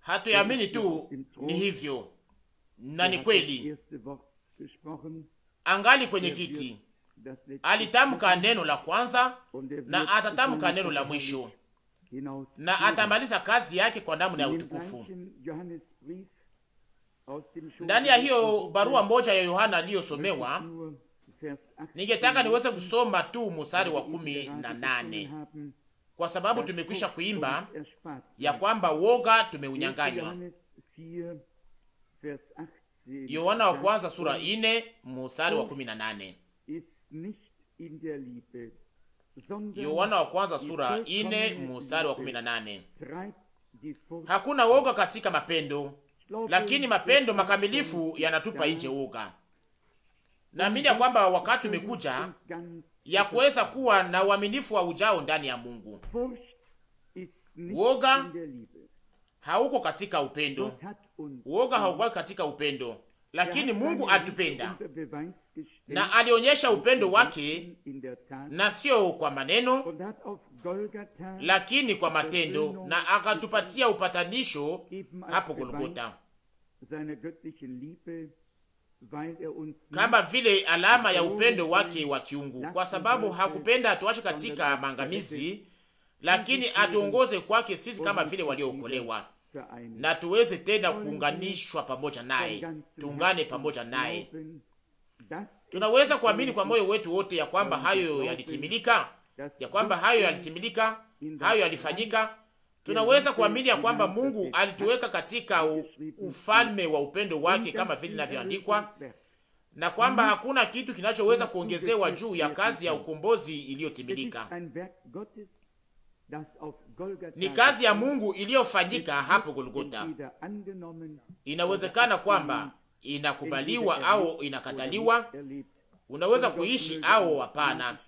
Hatuamini tu ni hivyo na er ni kweli. Angali kwenye er kiti alitamka neno la kwanza er na atatamka neno la mwisho, na atamaliza kazi yake kwa namna ya utukufu. Ndani ya hiyo barua moja ya Yohana aliyosomewa Ningetaka niweze kusoma tu musari wa kumi na nane kwa sababu tumekwisha kuimba ya kwamba woga tumeunyanganywa. Yohana wa kwanza sura ine musari wa kumi na nane. Yohana wa kwanza sura ine musari wa kumi na nane. Hakuna woga katika mapendo, lakini mapendo makamilifu yanatupa nje woga. Naamini ya kwamba wakati umekuja ya kuweza kuwa na uaminifu wa ujao ndani ya Mungu. Woga hauko katika upendo, woga hauko katika upendo, lakini Mungu atupenda na alionyesha upendo wake, na sio kwa maneno, lakini kwa matendo, na akatupatia upatanisho hapo Golgotha kama vile alama ya upendo wake wa kiungu, kwa sababu hakupenda atuache katika maangamizi, lakini atuongoze kwake sisi kama vile waliookolewa, na tuweze tena kuunganishwa pamoja naye, tuungane pamoja naye. Tunaweza kuamini kwa moyo wetu wote ya kwamba hayo yalitimilika, ya kwamba hayo yalitimilika, hayo yalifanyika tunaweza kuamini ya kwamba Mungu alituweka katika ufalme wa upendo wake kama vile inavyoandikwa, na kwamba hakuna kitu kinachoweza kuongezewa juu ya kazi ya ukombozi iliyotimilika. Ni kazi ya Mungu iliyofanyika hapo Golgota. Inawezekana kwamba inakubaliwa au inakataliwa, unaweza kuishi au hapana.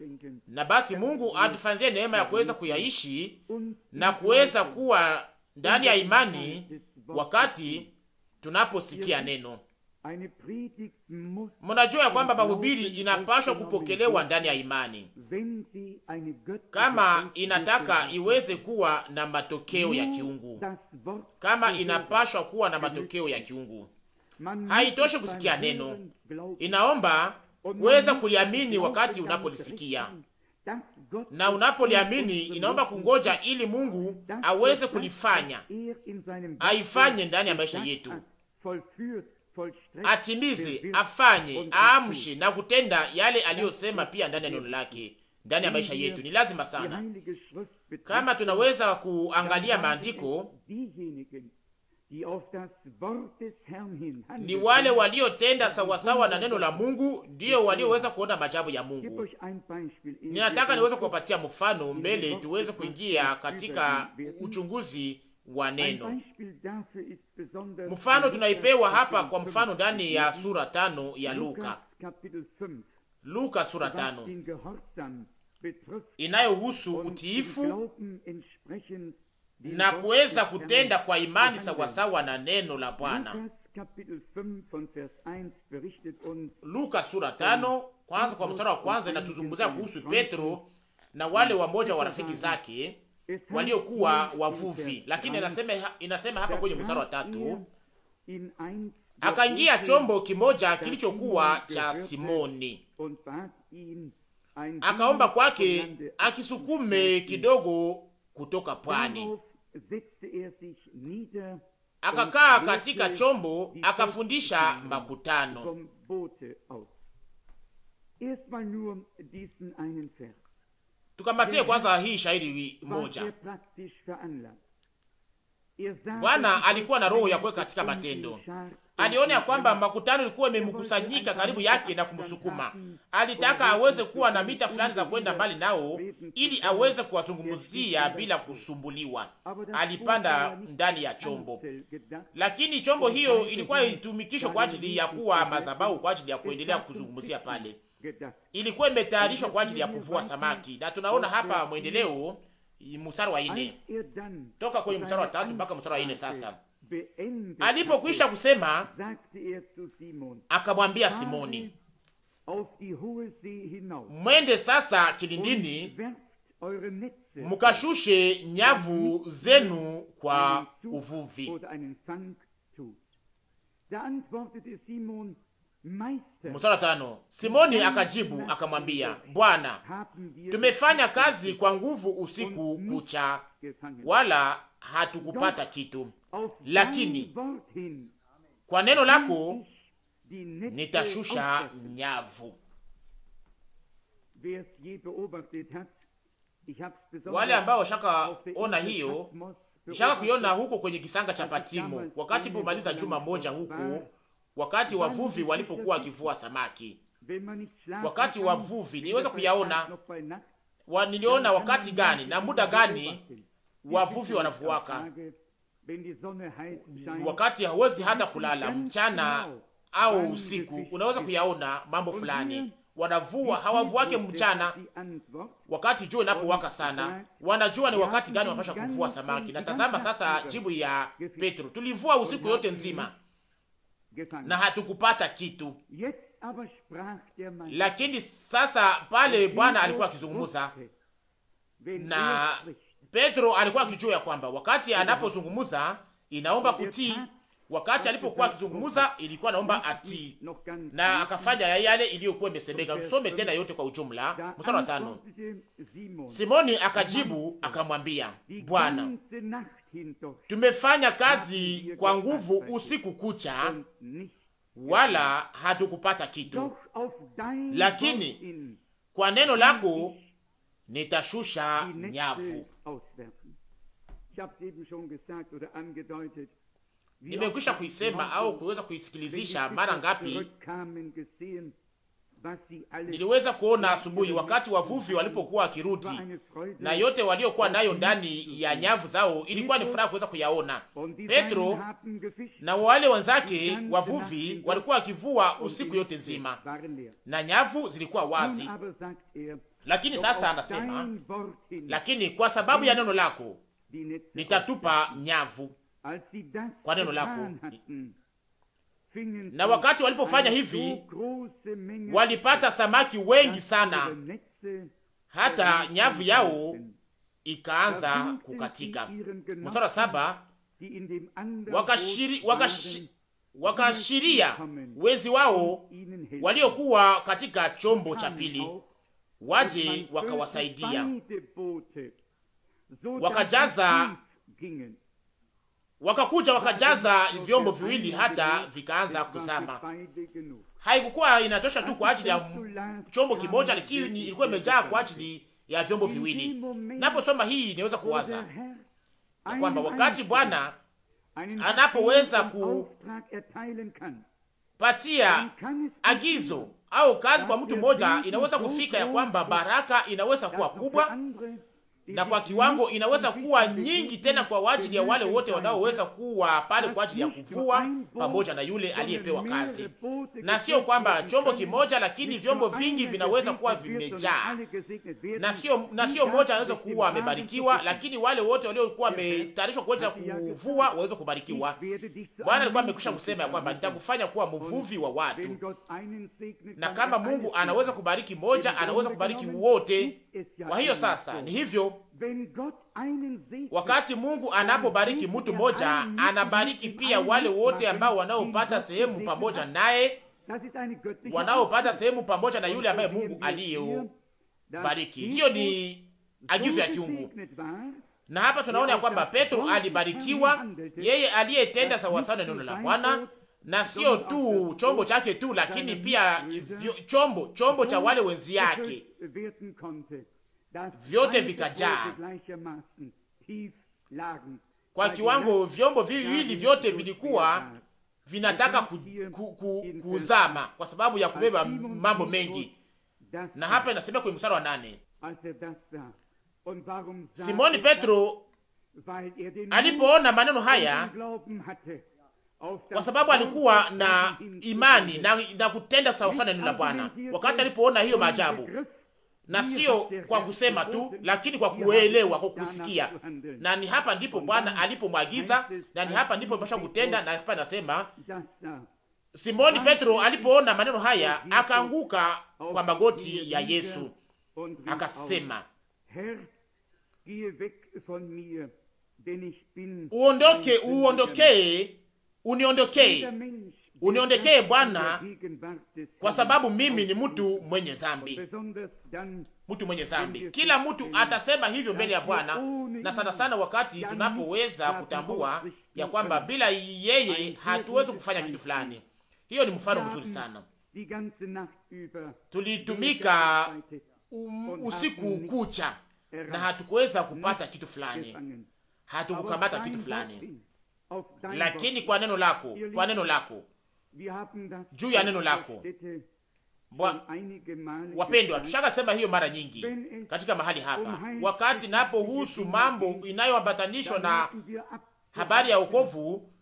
Na basi Mungu atufanzie neema ya kuweza kuyaishi na kuweza kuwa ndani ya imani wakati tunaposikia neno. Mnajua ya kwamba mahubiri inapashwa kupokelewa ndani ya imani kama inataka iweze kuwa na matokeo ya kiungu, kama inapashwa kuwa na matokeo ya kiungu. Haitoshi kusikia neno, inaomba kuweza kuliamini wakati unapolisikia na unapoliamini inaomba kungoja ili Mungu aweze kulifanya, aifanye ndani ya maisha yetu, atimize, afanye, aamshe na kutenda yale aliyosema pia ndani ya neno lake, ndani ya maisha yetu. Ni lazima sana kama tunaweza kuangalia maandiko ni wale waliotenda sawasawa na neno la Mungu ndiyo walioweza kuona majabu ya Mungu. Ninataka niweze kuwapatia mfano mbele tuweze kuingia katika uchunguzi wa neno. Mfano tunaipewa hapa kwa mfano ndani ya sura tano ya Luka, Luka sura tano inayohusu utiifu na kuweza kutenda kwa imani sawasawa na neno la Bwana. Luka sura tano kwanza kwa mstari wa kwanza inatuzungumzia kuhusu Petro na wale wamoja wa rafiki zake waliokuwa wavuvi, lakini inasema, inasema hapa kwenye mstari wa tatu akaingia chombo kimoja kilichokuwa cha Simoni, akaomba kwake akisukume kidogo kutoka pwani. Er akakaa katika chombo akafundisha makutano. Tukamatie kwanza hii shairi moja. Er Bwana alikuwa na roho ya kuweka katika matendo. Aliona ya kwamba makutano ilikuwa imemkusanyika karibu yake na kumsukuma. Alitaka aweze kuwa na mita fulani za kwenda mbali nao ili aweze kuwazungumzia bila kusumbuliwa. Alipanda ndani ya chombo, lakini chombo hiyo ilikuwa itumikishwa kwa ajili ya kuwa madhabahu, kwa ajili ya kuendelea kuzungumzia pale. Ilikuwa imetayarishwa kwa ajili ya kuvua samaki, na tunaona hapa mwendeleo mstari wa 4 toka kwenye mstari wa tatu mpaka mstari wa 4 sasa Alipokwisha kusema akamwambia Simoni, mwende sasa kilindini, mukashushe nyavu zenu kwa uvuvi. Musala tano. Simoni akajibu akamwambia, Bwana, tumefanya kazi kwa nguvu usiku kucha, wala hatukupata kitu, lakini kwa neno lako nitashusha nyavu. Wale ambao shaka ona hiyo shaka kuiona huko kwenye kisanga cha Patimo, wakati pomaliza juma moja huko, wakati wavuvi walipokuwa wakivua samaki, wakati wavuvi niliweza kuyaona wa, niliona wakati gani na muda gani wavuvi wanavuaka, wakati hawezi hata kulala mchana au usiku. Unaweza kuyaona mambo fulani, wanavua hawavuake mchana wakati jua inapowaka sana, wanajua ni wakati gani wanapasha kuvua samaki. Na tazama sasa jibu ya Petro, tulivua usiku yote nzima na hatukupata kitu. Lakini sasa pale Bwana alikuwa akizungumza na Petro alikuwa akijua ya kwamba wakati anapozungumza inaomba kutii. Wakati alipokuwa akizungumza ilikuwa naomba atii, na akafanya yale iliyokuwa imesemeka. Tusome tena yote kwa ujumla, mstari wa tano. Simoni akajibu akamwambia, Bwana, tumefanya kazi kwa nguvu usiku kucha wala hatukupata kitu, lakini kwa neno lako nitashusha nyavu auswerten. Nimekwisha kuisema au kuweza kuisikilizisha mara ngapi. Niliweza kuona asubuhi wakati wavuvi walipokuwa wakirudi, na yote waliokuwa nayo ndani ya nyavu zao, ilikuwa ni furaha kuweza kuyaona. Petro na wale wenzake wavuvi walikuwa wakivua usiku yote nzima, na nyavu zilikuwa wazi. Lakini sasa anasema, lakini kwa sababu ya neno lako nitatupa nyavu kwa neno lako. Na wakati walipofanya hivi, walipata samaki wengi sana, uh, hata nyavu yao ikaanza kukatika. Mstari saba, wakashiri, wakashi, wakashiria wenzi wao waliokuwa katika chombo cha pili waje wakawasaidia, wakajaza wakakuja wakajaza vyombo viwili hata vikaanza kuzama. Haikukuwa inatosha tu kwa ajili ya chombo kimoja, lakini ilikuwa imejaa kwa ajili ya vyombo viwili. Naposoma hii niweza kuwaza ya kwamba wakati Bwana anapoweza kupatia agizo au kazi kwa mtu mmoja inaweza kufika ya kwamba baraka inaweza kuwa kubwa na kwa kiwango inaweza kuwa nyingi tena kwa ajili ya wale wote wanaoweza kuwa pale kwa ajili ya kuvua pamoja na yule aliyepewa kazi. Na sio kwamba chombo kimoja, lakini vyombo vingi vinaweza kuwa vimejaa, na sio na sio moja anaweza kuwa amebarikiwa, lakini wale wote waliokuwa wametayarishwa kuweza kuvua waweza kubarikiwa. Bwana alikuwa amekwisha kusema ya kwamba nitakufanya kuwa mvuvi wa watu, na kama Mungu anaweza kubariki moja, anaweza kubariki wote kwa hiyo sasa ni hivyo, wakati Mungu anapobariki mtu mmoja, anabariki pia wale wote ambao wanaopata sehemu pamoja naye, wanaopata sehemu pamoja na yule ambaye Mungu aliyobariki. Hiyo ni agizo ya kiungu na hapa tunaona ya kwamba Petro alibarikiwa, yeye aliyetenda sawasawa na neno la Bwana, na sio tu chombo chake tu, lakini pia chombo chombo cha wale wenzi yake, vyote vikajaa kwa kiwango. Vyombo viwili vyote vilikuwa vinataka ku, ku, ku, kuzama kwa sababu ya kubeba mambo mengi, na hapa inasema kwenye mstari wa nane uh, Simoni Petro alipoona maneno haya kwa sababu alikuwa na imani na, na kutenda sawasawa neno la Bwana wakati alipoona hiyo maajabu, na sio kwa kusema tu, lakini kwa kuelewa, kwa kusikia. Na ni hapa ndipo Bwana alipomwagiza, na ni hapa ndipo pasha kutenda. Na hapa nasema Simoni Petro alipoona maneno haya akaanguka kwa magoti ya Yesu akasema, uondoke, uondokee uniondokee, uniondokee Bwana, kwa sababu mimi ni mtu mwenye zambi, mtu mwenye zambi. Kila mtu atasema hivyo mbele ya Bwana, na sana sana wakati tunapoweza kutambua ya kwamba bila yeye hatuwezi kufanya kitu fulani. Hiyo ni mfano mzuri sana. Tulitumika um, usiku kucha na hatukuweza kupata kitu fulani, hatukukamata kitu fulani lakini kwa neno lako, kwa neno lako, juu ya neno lako Bwa, wapendwa, tushakasema hiyo mara nyingi katika mahali hapa, wakati napohusu mambo inayoambatanishwa na habari ya wokovu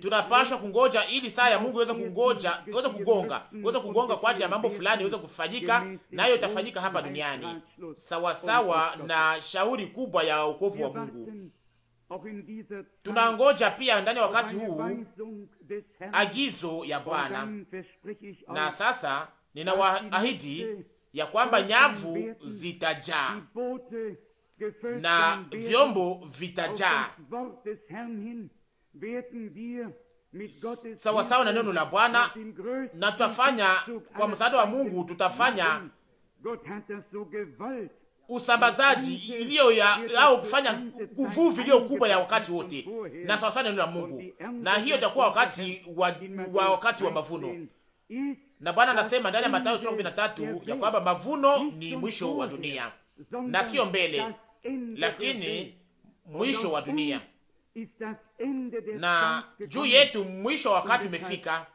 tunapaswa kungoja ili saa ya Mungu iweze kungoja, iweze kugonga, iweze kugonga kwa ajili ya mambo fulani iweze kufanyika, nayo itafanyika hapa duniani sawa sawa na shauri kubwa ya wokovu wa Mungu. Tunangoja pia ndani ya wakati huu agizo ya Bwana, na sasa ninawaahidi ya kwamba nyavu zitajaa na vyombo vitajaa sawasawa na neno la Bwana, na tutafanya kwa msaada wa Mungu, tutafanya usambazaji iliyo ya au kufanya uvuvi iliyo kubwa ya wakati wote, na sawasawa na neno la Mungu, na hiyo itakuwa wakati wa, wa wakati wa mavuno. Na Bwana anasema ndani ya Mathayo sura 13 ya kwamba mavuno ni mwisho wa dunia na sio mbele lakini mwisho wa dunia, na juu yetu mwisho wa wakati umefika,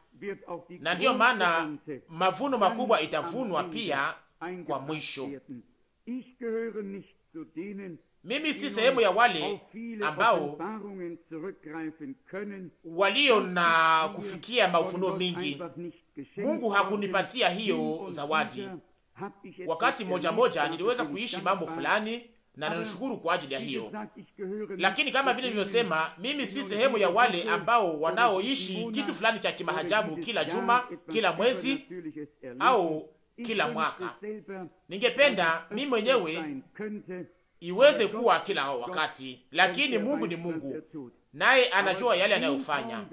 na ndiyo maana mavuno makubwa itavunwa pia kwa mwisho. Mimi si sehemu ya wale ambao walio na kufikia maufunuo mingi. Mungu hakunipatia hiyo zawadi. Wakati moja moja niliweza kuishi mambo fulani na ninashukuru kwa ajili ya hiyo. Lakini kama vile nilivyosema, mimi si sehemu ya wale ambao wanaoishi kitu fulani cha kimahajabu kila juma, kila mwezi au kila mwaka. Ningependa mimi mwenyewe iweze kuwa kila wakati, lakini Mungu ni Mungu naye anajua yale anayofanya,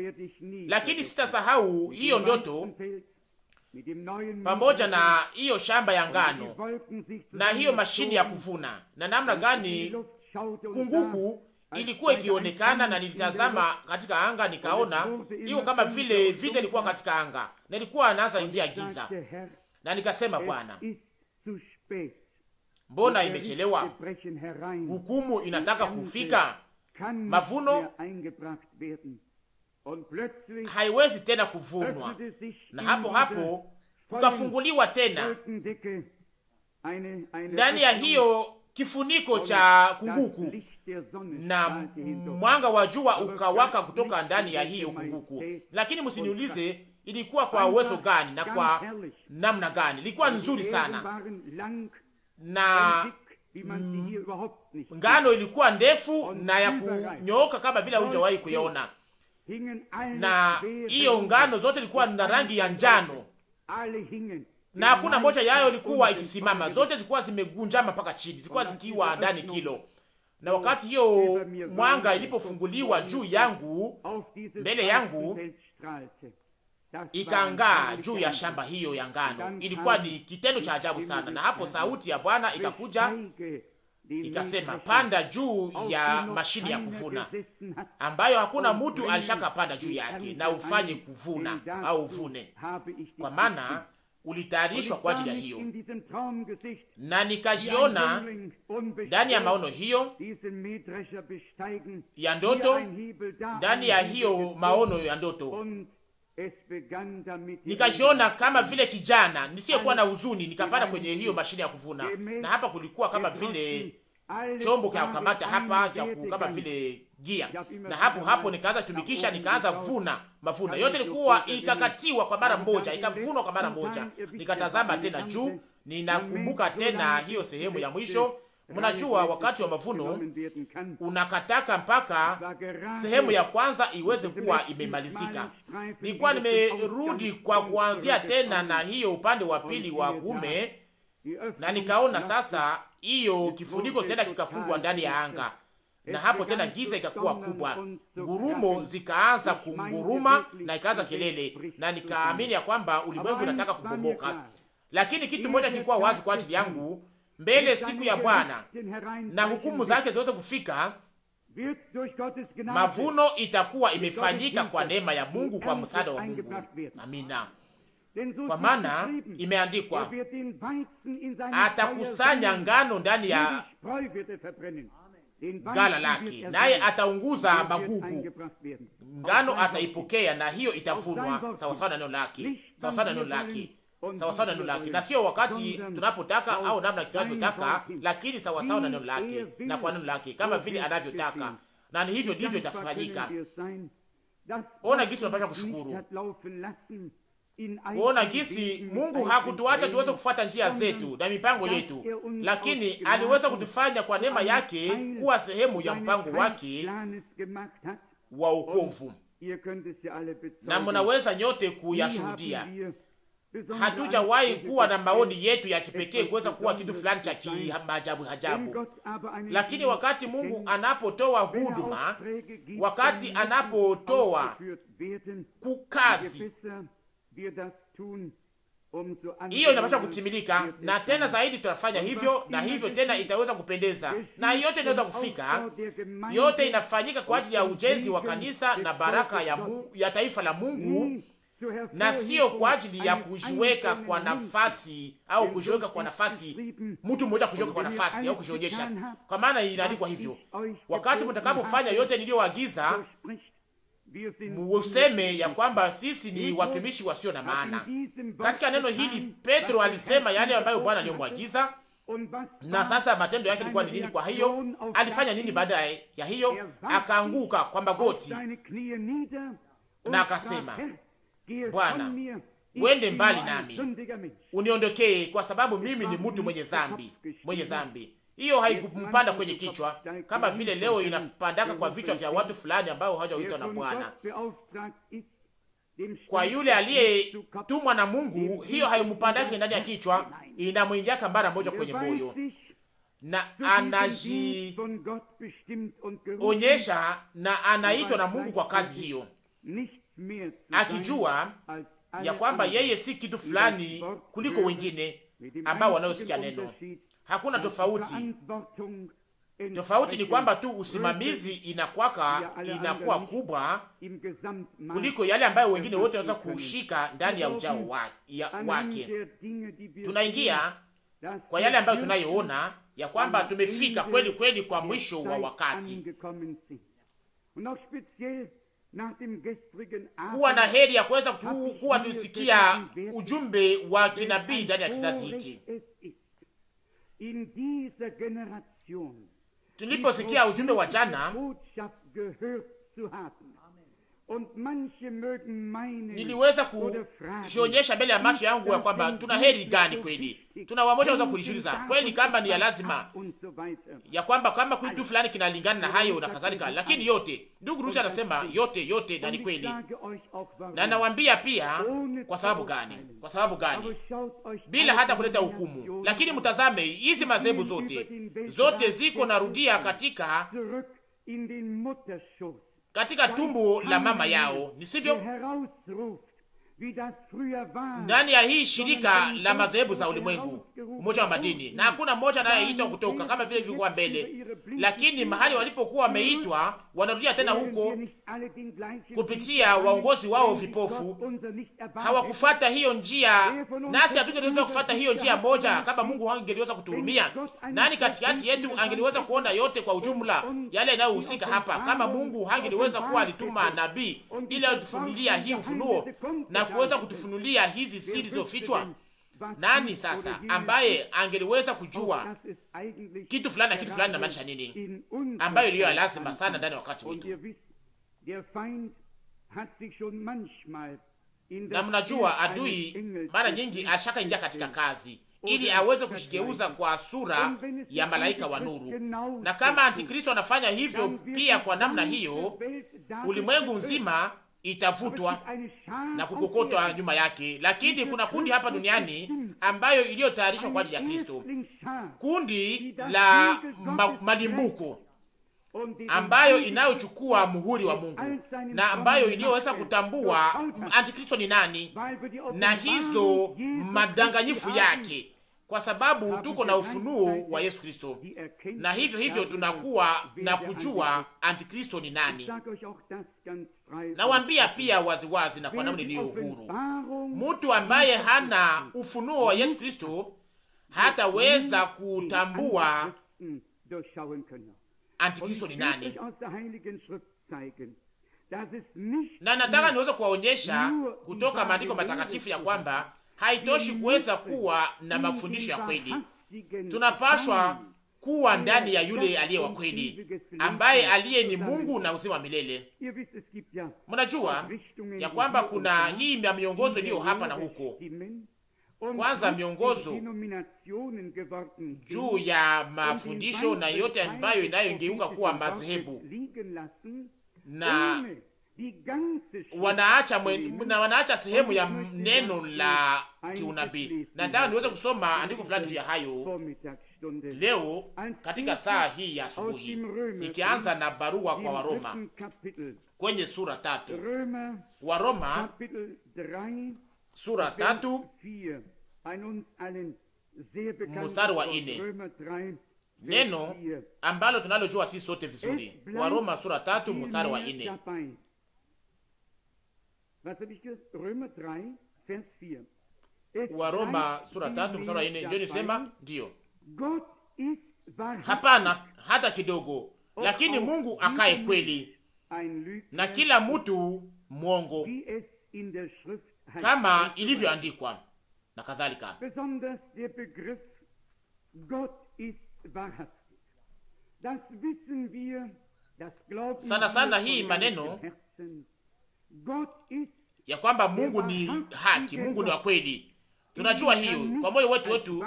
lakini sitasahau hiyo ndoto pamoja na hiyo shamba ya ngano na hiyo mashini ya kuvuna, na namna gani kunguku ilikuwa ikionekana, na nilitazama katika anga nikaona hiyo kama vile vita ilikuwa katika anga, na ilikuwa anaanza ingia giza, na nikasema, Bwana, mbona imechelewa? Hukumu inataka kufika, mavuno haiwezi tena kuvunwa, na hapo hapo kukafunguliwa tena ndani ya hiyo kifuniko cha kunguku, na mwanga wa jua ukawaka kutoka ndani ya hiyo kunguku. Lakini msiniulize ilikuwa kwa uwezo gani na kwa namna gani, ilikuwa nzuri sana na ngano ilikuwa ndefu na ya kunyooka kama vile hujawahi kuiona na hiyo ngano zote ilikuwa na rangi ya njano na hakuna moja yayo ilikuwa ikisimama, zote zilikuwa zimegunjama mpaka chini, zilikuwa zikiwa ndani kilo. Na wakati hiyo mwanga ilipofunguliwa juu yangu, mbele yangu, ikang'aa juu ya shamba hiyo ya ngano. Ilikuwa ni kitendo cha ajabu sana, na hapo sauti ya Bwana ikakuja ikasema, panda juu ya mashini ya kuvuna ambayo hakuna mtu alishaka panda juu yake, na ufanye kuvuna au uvune, kwa maana ulitayarishwa kwa ajili ya hiyo. Na nikajiona ndani ya maono hiyo ya ndoto, ndani ya hiyo maono ya ndoto nikajiona kama vile kijana nisiyekuwa na huzuni, nikapanda kwenye hiyo mashine ya kuvuna, na hapa kulikuwa kama vile chombo cha kukamata hapa cha kama vile gia, na hapo hapo nikaanza tumikisha nikaanza vuna mavuna yote, ilikuwa ikakatiwa kwa mara moja, ikavunwa kwa mara moja. Nikatazama tena juu, ninakumbuka tena hiyo sehemu ya mwisho Mnajua wakati wa mavuno unakataka mpaka sehemu ya kwanza iweze kuwa imemalizika. Nilikuwa nimerudi kwa kuanzia tena na hiyo upande wa pili wa gume, na nikaona sasa hiyo kifuniko tena kikafungwa ndani ya anga, na hapo tena giza ikakuwa kubwa, ngurumo zikaanza kunguruma na ikaanza kelele, na nikaamini ya kwamba ulimwengu unataka kubomoka. Lakini kitu moja kilikuwa wazi kwa ajili yangu mbele siku ya Bwana na hukumu zake ziweze kufika, mavuno itakuwa imefanyika kwa neema ya Mungu, kwa msaada wa Mungu. Amina. Kwa maana imeandikwa, atakusanya ngano ndani ya gala lake, naye ataunguza magugu. Ngano ataipokea na hiyo itavunwa sawasawa na neno lake, sawasawa na neno lake sawasawa na neno lake, na sio wakati tunapotaka au namna tunavyotaka, lakini sawasawa na neno lake na kwa neno lake, kama vile anavyotaka, na ni hivyo ndivyo itafanyika. Ona gisi tunapasha kushukuru, ona gisi Mungu hakutuacha tuweze kufuata njia zetu na mipango yetu, lakini aliweza kutufanya kwa neema yake kuwa sehemu ya mpango wake wa wokovu, na mnaweza nyote kuyashuhudia hatujawahi kuwa na maoni yetu ya kipekee kuweza kuwa kitu fulani cha kiajabu ajabu, lakini wakati Mungu anapotoa huduma, wakati anapotoa kukazi hiyo inapaswa kutimilika, na tena zaidi tutafanya hivyo na hivyo tena, itaweza kupendeza na yote inaweza kufika. Yote inafanyika kwa ajili ya ujenzi wa kanisa na baraka ya, mu, ya taifa la Mungu na sio kwa ajili ya kujiweka kwa nafasi au kujiweka kwa nafasi, mtu mmoja kujiweka kwa nafasi au kujionyesha, kwa maana inaandikwa hivyo, wakati mtakapofanya yote niliyoagiza, museme ya kwamba sisi ni watumishi wasio na maana. Katika neno hili Petro alisema yale ambayo Bwana aliyomwagiza na sasa matendo yake ilikuwa ni nini? Kwa hiyo alifanya nini baada ya hiyo? Akaanguka kwa magoti na akasema Bwana, wende mbali nami, uniondokee, kwa sababu mimi ni mtu mwenye zambi, mwenye zambi. Hiyo haikumpanda kwenye kichwa kama vile leo inapandaka kwa vichwa vya watu fulani ambao hawajaitwa na Bwana. Kwa yule aliyetumwa na Mungu, hiyo haimupandaki ndani ya kichwa, inamwingiaka mara moja kwenye moyo na anajionyesha na anaitwa na Mungu kwa kazi hiyo akijua ya kwamba yeye si kitu fulani kuliko wengine ambao wanaosikia neno. Hakuna tofauti. Tofauti ni kwamba tu usimamizi inakwaka inakuwa kubwa kuliko yale ambayo wengine wote wanaweza kushika ndani ya ujao wa, ya, wake. Tunaingia kwa yale ambayo tunayoona ya kwamba tumefika kweli kweli kwa mwisho wa wakati kuwa na heri ya kuweza kuwa tulisikia ujumbe wa kinabii ndani ya kizazi hiki. Tuliposikia ujumbe wa jana niliweza kujionyesha mbele ya macho yangu ya kwamba tuna heri gani kweli, tuna wamoja waweza kujiuliza kweli kama ni ya lazima ya kwamba kama kitu fulani kinalingana na hayo na kadhalika, lakini yote, ndugu Rusi anasema yote yote, na ni kweli, na nawaambia pia. Kwa sababu gani? Kwa sababu gani? Bila hata kuleta hukumu, lakini mtazame hizi mazebu zote zote ziko narudia katika katika tumbo la mama yao, ni sivyo? ndani ya hii shirika la madhehebu za ulimwengu, mmoja wa madini, na hakuna mmoja anayeitwa kutoka kama vile vilivyokuwa mbele, lakini mahali walipokuwa wameitwa wanarudia tena huko kupitia waongozi wao vipofu. Hawakufata hiyo njia, nasi hatungeliweza kufata hiyo njia moja kama Mungu angeliweza kutuhurumia. Nani katikati yetu angeliweza kuona yote kwa ujumla yale yanayohusika hapa, kama Mungu angeliweza kuwa alituma nabii ili atufunulia hii ufunuo na kuweza kutufunulia hizi siri zofichwa. Nani sasa ambaye angeliweza kujua kitu fulani na kitu fulani na nini, ambayo iliyo lazima sana ndani ya wakati wetu? Na mnajua adui mara nyingi ashaka ingia katika kazi ili aweze kushigeuza kwa sura ya malaika wa nuru, na kama Antikristo anafanya hivyo pia kwa namna hiyo, ulimwengu mzima itavutwa na kukokotwa nyuma yake, lakini kuna kundi hapa duniani ambayo iliyotayarishwa kwa ajili ya Kristo, kundi la ma malimbuko ambayo inayochukua muhuri wa Mungu na ambayo iliyoweza kutambua antikristo ni nani na hizo madanganyifu yake, kwa sababu tuko na ufunuo wa Yesu Kristo, na hivyo hivyo tunakuwa na kujua antikristo ni nani. Nawambia pia waziwazi wazi na kwa namna iliyo uhuru, mtu ambaye hana ufunuo wa Yesu Kristo hataweza kutambua Antikristo ni nani. Na nataka niweze kuwaonyesha kutoka maandiko matakatifu ya kwamba haitoshi kuweza kuwa na mafundisho ya kweli, tunapashwa kuwa ndani ya yule aliye wa kweli ambaye aliye ni Mungu na uzima wa milele. Mnajua ya kwamba kuna hii ya miongozo iliyo hapa na huko. Kwanza miongozo juu ya mafundisho na yote ambayo inayogeuka kuwa madhehebu na wanaacha mwen, na wanaacha sehemu ya neno la kiunabii. Nataka niweze kusoma andiko fulani juu ya hayo leo katika saa hii ya asubuhi, ikianza na barua kwa Waroma kwenye sura tatu, Waroma sura tatu mstari wa ine neno ambalo tunalojua sisi sote vizuri. Waroma sura tatu mstari wa ine Waroma sura tatu mstari wa ine ndio nisema, ndiyo Hapana, hata kidogo. Lakini Mungu akaye kweli na kila mtu mwongo, kama ilivyoandikwa na kadhalika. Sana sana hii maneno ya kwamba Mungu ni haki, Mungu ni wa kweli, tunajua hiyo kwa moyo wetu wetu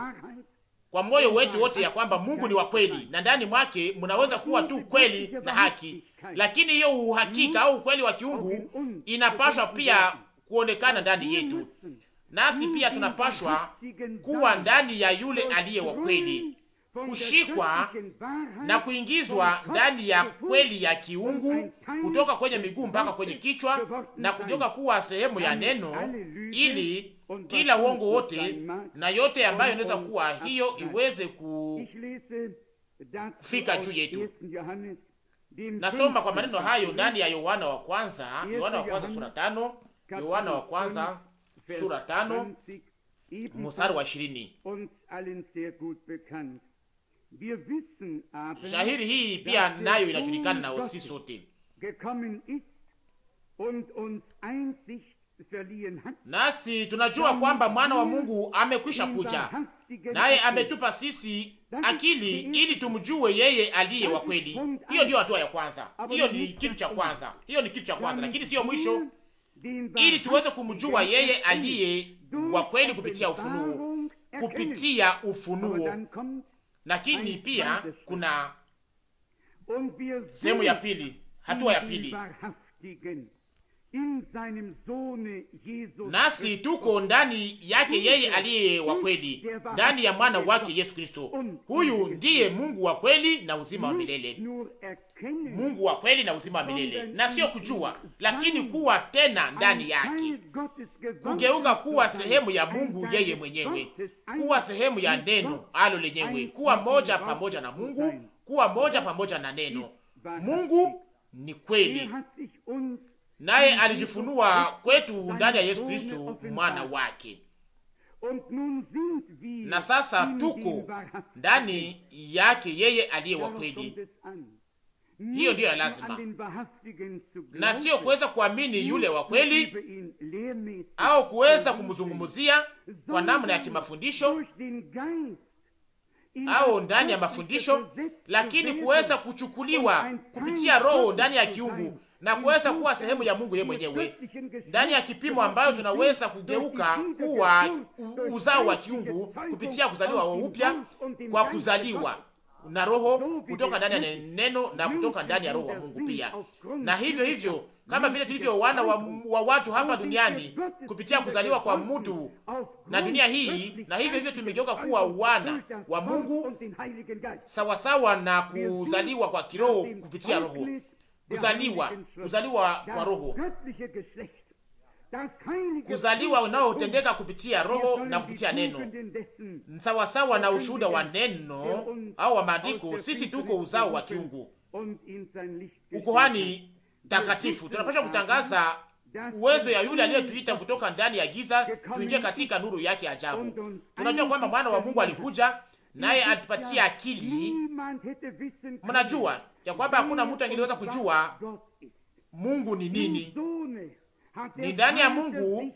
kwa moyo wetu wote ya kwamba Mungu ni wa kweli na ndani mwake mnaweza kuwa tu kweli na haki, lakini hiyo uhakika au ukweli wa kiungu um, inapashwa pia um, kuonekana ndani um, yetu, nasi pia tunapashwa kuwa ndani ya yule aliye wa kweli kushikwa na kuingizwa ndani ya kweli ya kiungu kutoka kwenye miguu mpaka kwenye kichwa na kugeuka kuwa sehemu ya neno, ili kila uongo wote na yote ambayo inaweza kuwa hiyo iweze kufika juu yetu. Nasoma kwa maneno hayo ndani ya Yohana wa kwanza, Yohana wa kwanza sura tano, Yohana wa kwanza sura tano mstari wa ishirini. Shahiri hii pia nayo inajulikana na sisi sote, nasi tunajua kwamba mwana wa Mungu amekwisha kuja, naye ametupa sisi akili ili tumjue yeye aliye wa kweli. Hiyo ndiyo hatua ya kwanza, hiyo ni kitu cha kwanza, hiyo ni kitu cha kwanza, lakini siyo mwisho, ili tuweze kumjua yeye aliye wa kweli kupitia ufunuo, kupitia ufunuo lakini pia kuna sehemu ya pili, hatua ya pili. Nasi tuko ndani yake yeye aliye wa kweli, ndani ya mwana wake Yesu Kristo. Huyu ndiye Mungu wa kweli na uzima wa milele. Mungu wa kweli na uzima wa milele, na sio kujua, lakini kuwa tena ndani yake, kugeuka kuwa sehemu ya Mungu yeye mwenyewe, kuwa sehemu ya neno alo lenyewe, kuwa moja pamoja na Mungu, kuwa moja pamoja na neno. Mungu ni kweli, naye alijifunua kwetu ndani ya Yesu Kristo mwana wake na sasa tuko ndani yake yeye aliye wa kweli, hiyo ndiyo ya lazima, na sio kuweza kuamini yule wa kweli au kuweza kumzungumzia kwa namna ya kimafundisho au ndani ya mafundisho, lakini kuweza kuchukuliwa kupitia Roho ndani ya kiungu na kuweza kuwa sehemu ya Mungu yeye mwenyewe ndani ya kipimo ambayo tunaweza kugeuka kuwa uzao wa kiungu kupitia kuzaliwa upya kwa kuzaliwa na roho kutoka ndani ya neno na kutoka ndani ya roho wa Mungu pia. Na hivyo hivyo kama vile tulivyo wana wa, wa watu hapa duniani kupitia kuzaliwa kwa mtu na dunia hii, na hivyo hivyo tumegeuka kuwa wana wa Mungu sawasawa na kuzaliwa kwa kiroho kupitia roho, kuzaliwa kuzaliwa kwa roho kuzaliwa unaotendeka kupitia Roho na kupitia neno, sawasawa na ushuhuda wa neno au wa maandiko. Sisi tuko uzao wa kiungu, ukohani takatifu. Tunapaswa kutangaza uwezo ya yule aliyetuita kutoka ndani ya giza tuingie katika nuru yake ajabu. Tunajua kwamba mwana wa Mungu alikuja naye atupatie akili. Mnajua ya kwamba hakuna mtu angeliweza kujua Mungu ni nini ni ndani ya Mungu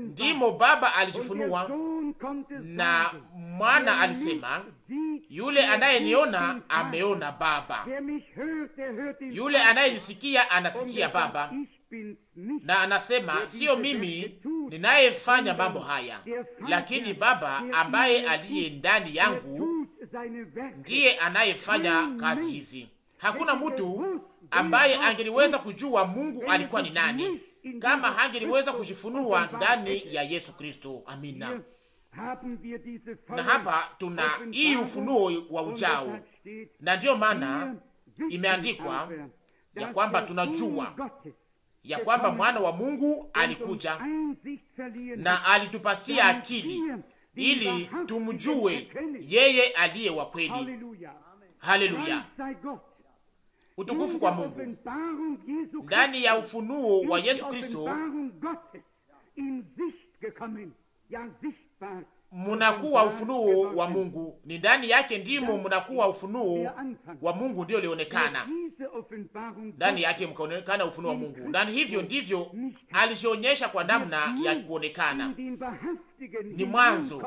ndimo Baba alijifunua na mwana alisema, yule anayeniona ameona Baba, yule anayenisikia anasikia Baba. Na anasema siyo mimi ninayefanya mambo haya, lakini Baba ambaye aliye ndani yangu ndiye anayefanya kazi hizi. Hakuna mtu ambaye angeliweza kujua Mungu alikuwa ni nani kama hangeliweza kujifunua ndani ya Yesu Kristo. Amina. Na hapa tuna hii ufunuo wa ujao, na ndiyo maana imeandikwa ya kwamba tunajua ya kwamba mwana wa Mungu alikuja na alitupatia akili ili tumjue yeye aliye wa kweli. Haleluya! utukufu kwa Mungu ndani ya ufunuo wa Yesu Kristo munakuwa ufunuo wa Mungu, ni ndani yake ndimo munakuwa ufunuo wa Mungu, ndio lionekana ndani yake, mkaonekana ufunuo wa Mungu ndani. Hivyo ndivyo alijionyesha kwa namna ya kuonekana ni mwanzo,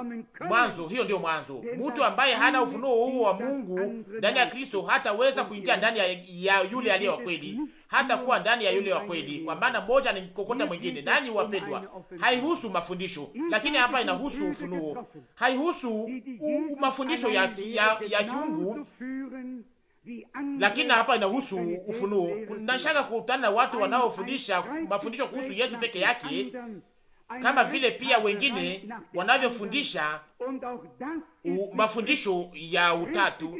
mwanzo. Hiyo ndiyo mwanzo. Mtu ambaye hana ufunuo huu wa Mungu ndani ya Kristo hataweza kuingia ndani ya, ya yule aliye wa kweli, hata kuwa ndani ya yule wa kweli, kwa maana mmoja ni kokota mwingine. Nanyi wapendwa, haihusu mafundisho, lakini hapa inahusu ufunuo. Haihusu mafundisho ya, ya, ya kiungu lakini hapa inahusu ufunuo. Nashaka kukutana na watu wanaofundisha mafundisho kuhusu Yesu peke yake kama vile pia wengine wanavyofundisha mafundisho ya utatu.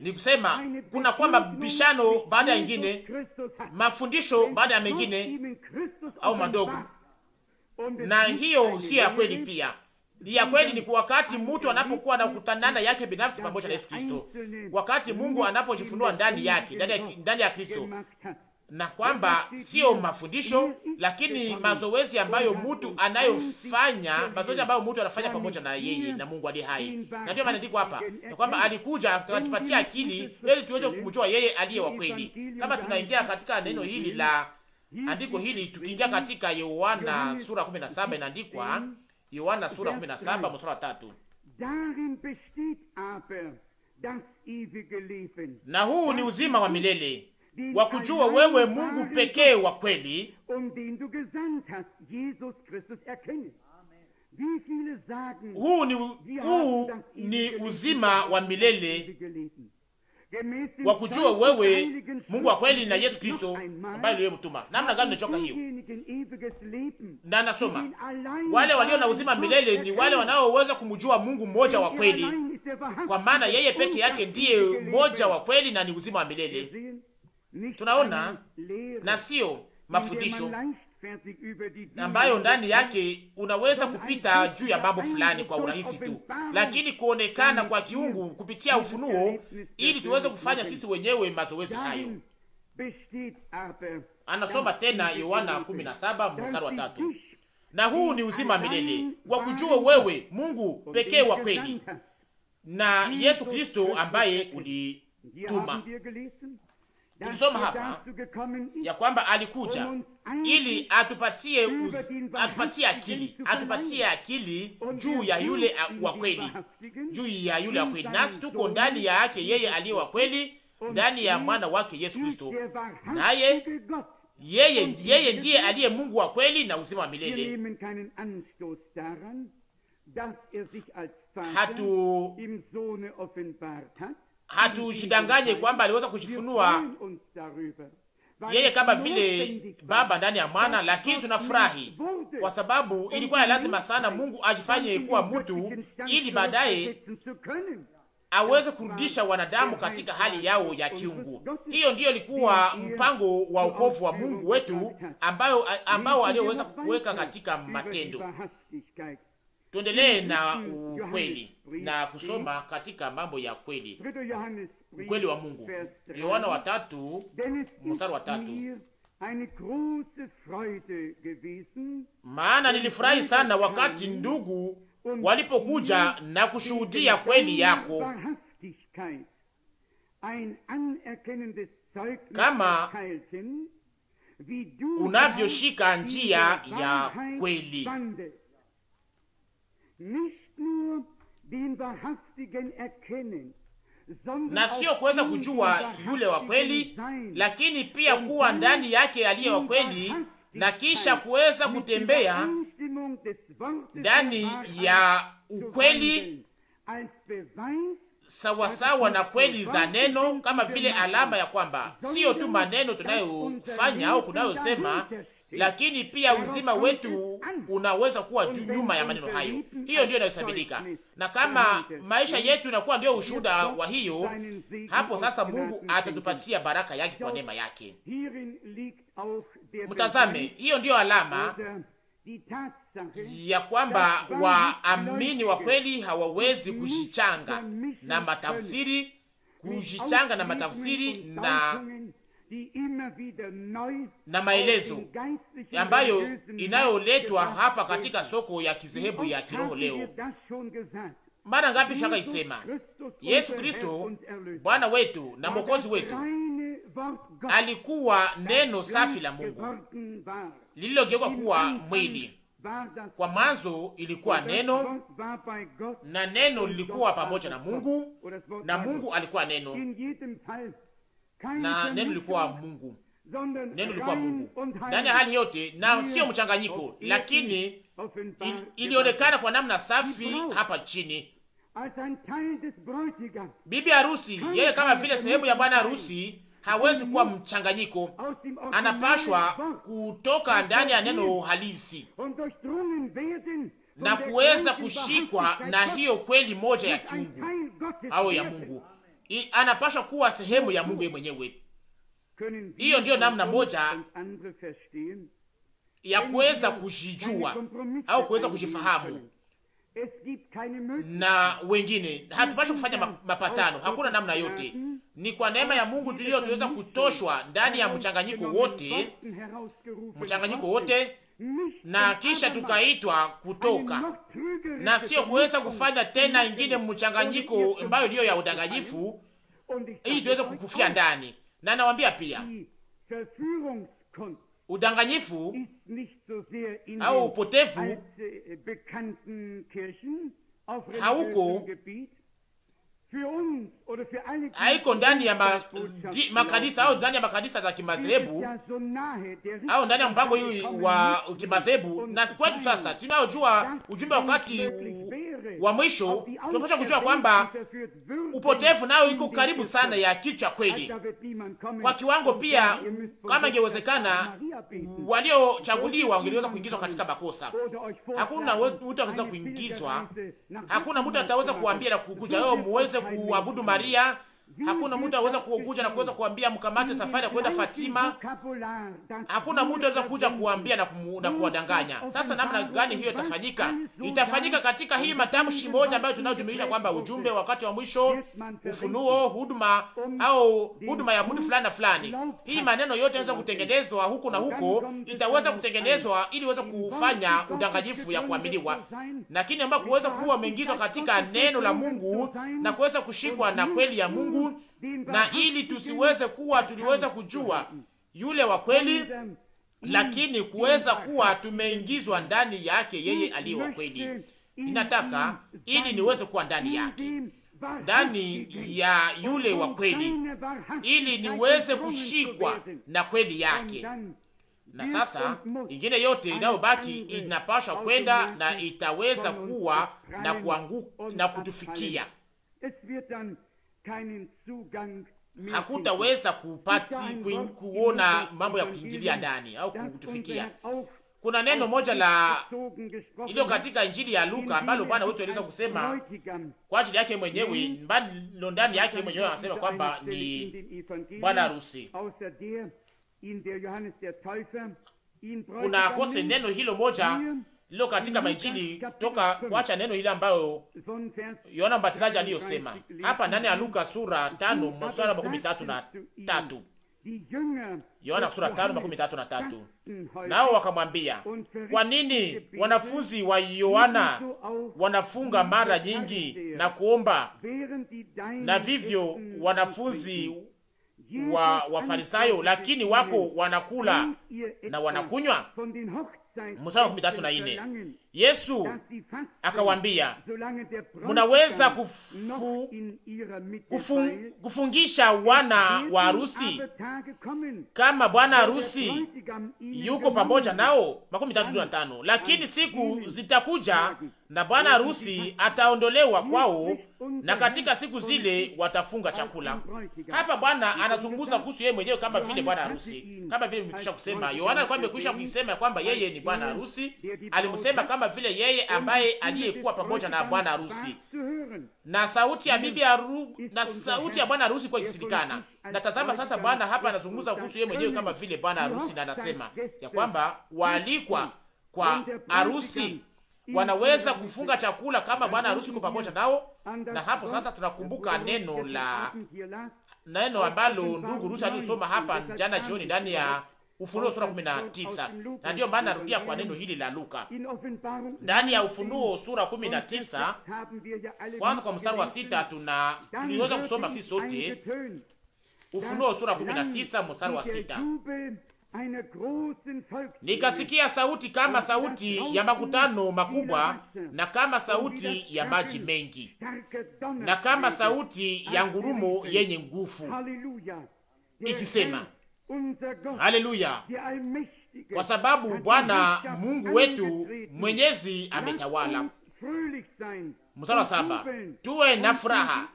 Ni kusema kuna kwamba bishano baada ya ingine, mafundisho baada ya mengine au madogo, na hiyo sio ya kweli. Pia ya kweli ni wakati mtu anapokuwa na kutanana yake binafsi pamoja na Yesu Kristo, wakati Mungu anapojifunua ndani yake, ndani ya Kristo na kwamba sio mafundisho lakini mazoezi ambayo mtu anayofanya, mazoezi ambayo mtu anafanya pamoja na yeye na Mungu aliye hai. Na ndio maandikwa hapa na kwamba alikuja akatupatia akili ili tuweze kumjua yeye aliye wa kweli. Kama tunaingia katika neno hili la andiko hili, tukiingia katika Yohana sura 17, inaandikwa Yohana sura 17 mstari wa 3 na huu ni uzima wa milele wa kujua wewe Mungu pekee wa kweli huu ni, huu ni uzima wa milele wa kujua wewe Mungu wa kweli na Yesu Kristo ambaye ndiye mtuma. Namna gani nachoka hiyo? Na nasoma wale walio na uzima milele ni wale wanaoweza kumjua Mungu mmoja wa kweli, kwa maana yeye peke yake ndiye mmoja wa kweli na ni uzima wa milele tunaona na sio mafundisho ambayo ndani yake unaweza kupita juu ya mambo fulani kwa urahisi tu, lakini kuonekana kwa kiungu kupitia ufunuo, ili tuweze kufanya sisi wenyewe mazoezi hayo. Anasoma tena Yohana 17 mstari wa tatu, na huu ni uzima milele wa kujua wewe Mungu pekee wa kweli na Yesu Kristo ambaye ulituma. Tulisoma hapa ya kwamba alikuja um ili atupatie uz, atupatie akili er atupatie akili juu ya yule wa kweli, juu ya yule wa kweli, nasi tuko ndani ya yake yeye aliye wa kweli, ndani ya er mwana wake Yesu Kristo, naye yeye yeye er ndiye aliye Mungu wa kweli na uzima wa milele. hatu hatujidanganye kwamba aliweza kujifunua yeye kama vile Baba ndani ya Mwana, lakini tunafurahi kwa sababu ilikuwa lazima sana Mungu ajifanye kuwa mtu ili baadaye aweze kurudisha wanadamu katika hali yao ya kiungu. Hiyo ndiyo ilikuwa mpango wa wokovu wa Mungu wetu ambao aliyoweza kuweka katika matendo Tuendelee na ukweli na kusoma katika mambo ya kweli, ukweli wa Mungu. Yohana wa tatu mstari wa tatu maana nilifurahi sana wakati ndugu walipokuja na kushuhudia kweli yako kama unavyoshika njia ya kweli na sio kuweza kujua yule wa kweli, lakini pia kuwa ndani yake aliye wa kweli, na kisha kuweza kutembea ndani ya ukweli sawasawa na kweli za neno, kama vile alama ya kwamba sio tu maneno tunayofanya au kunayosema lakini pia uzima wetu unaweza kuwa juu nyuma ya maneno hayo. Hiyo ndio inayosabidika, na kama maisha yetu inakuwa ndio ushuhuda wa hiyo, hapo sasa Mungu atatupatia baraka yake kwa neema yake. Mtazame, hiyo ndiyo alama ya kwamba waamini wa kweli hawawezi kujichanga na matafsiri, kujichanga na matafsiri na na maelezo ambayo inayoletwa hapa katika soko ya kizehebu ya kiroho leo. Mara ngapi shaka isema Yesu Kristo Bwana wetu na Mwokozi wetu alikuwa neno safi la Mungu lililogeuka kuwa mwili. Kwa mwanzo ilikuwa neno, na neno lilikuwa pamoja na Mungu, na Mungu alikuwa neno na neno lilikuwa Mungu, neno lilikuwa Mungu ndani ya hali yote, na sio mchanganyiko, lakini ilionekana kwa namna safi hapa chini. Bibi harusi yeye, kama vile sehemu ya bwana harusi, hawezi kuwa mchanganyiko, anapashwa kutoka ndani ya neno halisi na kuweza kushikwa na hiyo kweli moja ya kiungu au ya Mungu. I, anapashwa kuwa sehemu ya Mungu yeye mwenyewe. Hiyo ndiyo namna moja ya kuweza kujijua au kuweza kujifahamu na wengine. Hatupashi kufanya mapatano, hakuna namna yote. Ni kwa neema ya Mungu tuliyo tuweza kutoshwa ndani ya mchanganyiko wote, mchanganyiko wote na kisha tukaitwa kutoka na sio kuweza kufanya tena ingine mchanganyiko ambayo iliyo ya udanganyifu, ili tuweze kukufia ndani. Na nawaambia pia udanganyifu au upotevu äh, hauko haiko ndani ya ma, di, makanisa au ndani ya makanisa za kimadhehebu au ndani ya mpango hii wa kimadhehebu. Na si kwetu sasa, tunayojua ujumbe wakati wa mwisho tunapaswa kujua kwamba upotevu nayo iko karibu sana ya kitu cha kweli, kwa kiwango pia, kama ingewezekana, waliochaguliwa wangeliweza kuingizwa katika makosa. Hakuna mtu ataweza kuingizwa, hakuna mtu ataweza kuambia na kukuja wewe oh, muweze kuabudu Maria Hakuna mtu anaweza kukuja na kuweza kuambia mkamate safari ya kwenda Fatima. Hakuna mtu anaweza kuja kuambia na, kumu, na kuwadanganya. Sasa namna gani hiyo itafanyika? Itafanyika katika hii matamshi moja ambayo tunayojumuisha kwamba ujumbe wakati wa mwisho, ufunuo, huduma au huduma ya mtu fulani na fulani. Hii maneno yote yanaweza kutengenezwa huku na huko, itaweza kutengenezwa ili iweze kufanya udanganyifu ya kuaminiwa, lakini ambapo kuweza kuwa umeingizwa katika neno la Mungu na kuweza kushikwa na kweli ya Mungu na ili tusiweze kuwa tuliweza kujua yule wa kweli, lakini kuweza kuwa tumeingizwa ndani yake yeye aliye wa kweli. Ninataka ili niweze kuwa ndani yake, ndani ya yule wa kweli, ili niweze kushikwa na kweli yake. Na sasa ingine yote inayobaki inapashwa kwenda na itaweza kuwa na kuanguka na kutufikia hakutaweza kupati kuona mambo ya kuingilia ndani au kutufikia. Kuna neno moja la iliyo katika Injili ya Luka ambalo Bwana wetu aliweza kusema kwa ajili yake mwenyewe, mbalo ndani yake mwenyewe anasema kwamba ni bwana harusi. Kuna kose neno hilo moja lilo katika Mainjili toka kuacha neno ile ambayo Yohana Mbatizaji aliyosema hapa ndani ya Luka sura tano mstari makumi tatu na tatu. Yohana sura tano makumi tatu na tatu. Nao wakamwambia, kwa nini wanafunzi wa Yohana wanafunga mara nyingi na kuomba, na vivyo wanafunzi wa Wafarisayo, lakini wako wanakula na wanakunywa? mstari wa kumi tatu na nne Yesu akawambia, munaweza kufu, kufung, kufungisha wana wa harusi kama bwana harusi yuko pamoja nao, makumi tatu na tano. Lakini siku zitakuja na bwana harusi ataondolewa kwao, na katika siku zile watafunga chakula. Hapa Bwana anazungumza kuhusu yeye mwenyewe kama vile bwana harusi, kama vile nimekwisha kusema. Yohana alikuwa amekwisha kuisema kwamba yeye ni bwana harusi, alimsema kama kama vile yeye ambaye aliyekuwa pamoja na bwana harusi, na sauti ya bibi aru, na sauti ya bwana harusi kwa ikisikikana. Na tazama sasa, Bwana hapa anazungumza kuhusu yeye mwenyewe kama vile bwana harusi, na anasema ya kwamba waalikwa kwa harusi wanaweza kufunga chakula kama bwana harusi uko pamoja nao. Na hapo sasa tunakumbuka neno la neno ambalo ndugu Rusi alisoma hapa jana jioni ndani ya Ufunuo sura 19. Na ndio maana narudia kwa neno hili la Luka ndani ya Ufunuo sura 19, kwanza kwa mstari wa sita, tuna tuliweza kusoma sisi sote Ufunuo sura 19 mstari wa sita. Nikasikia sauti kama sauti ya makutano makubwa na kama sauti ya maji mengi na kama sauti ya ngurumo yenye nguvu ikisema Haleluya, kwa sababu Bwana Mungu wetu mwenyezi ametawala. Mstari wa saba, tuwe na furaha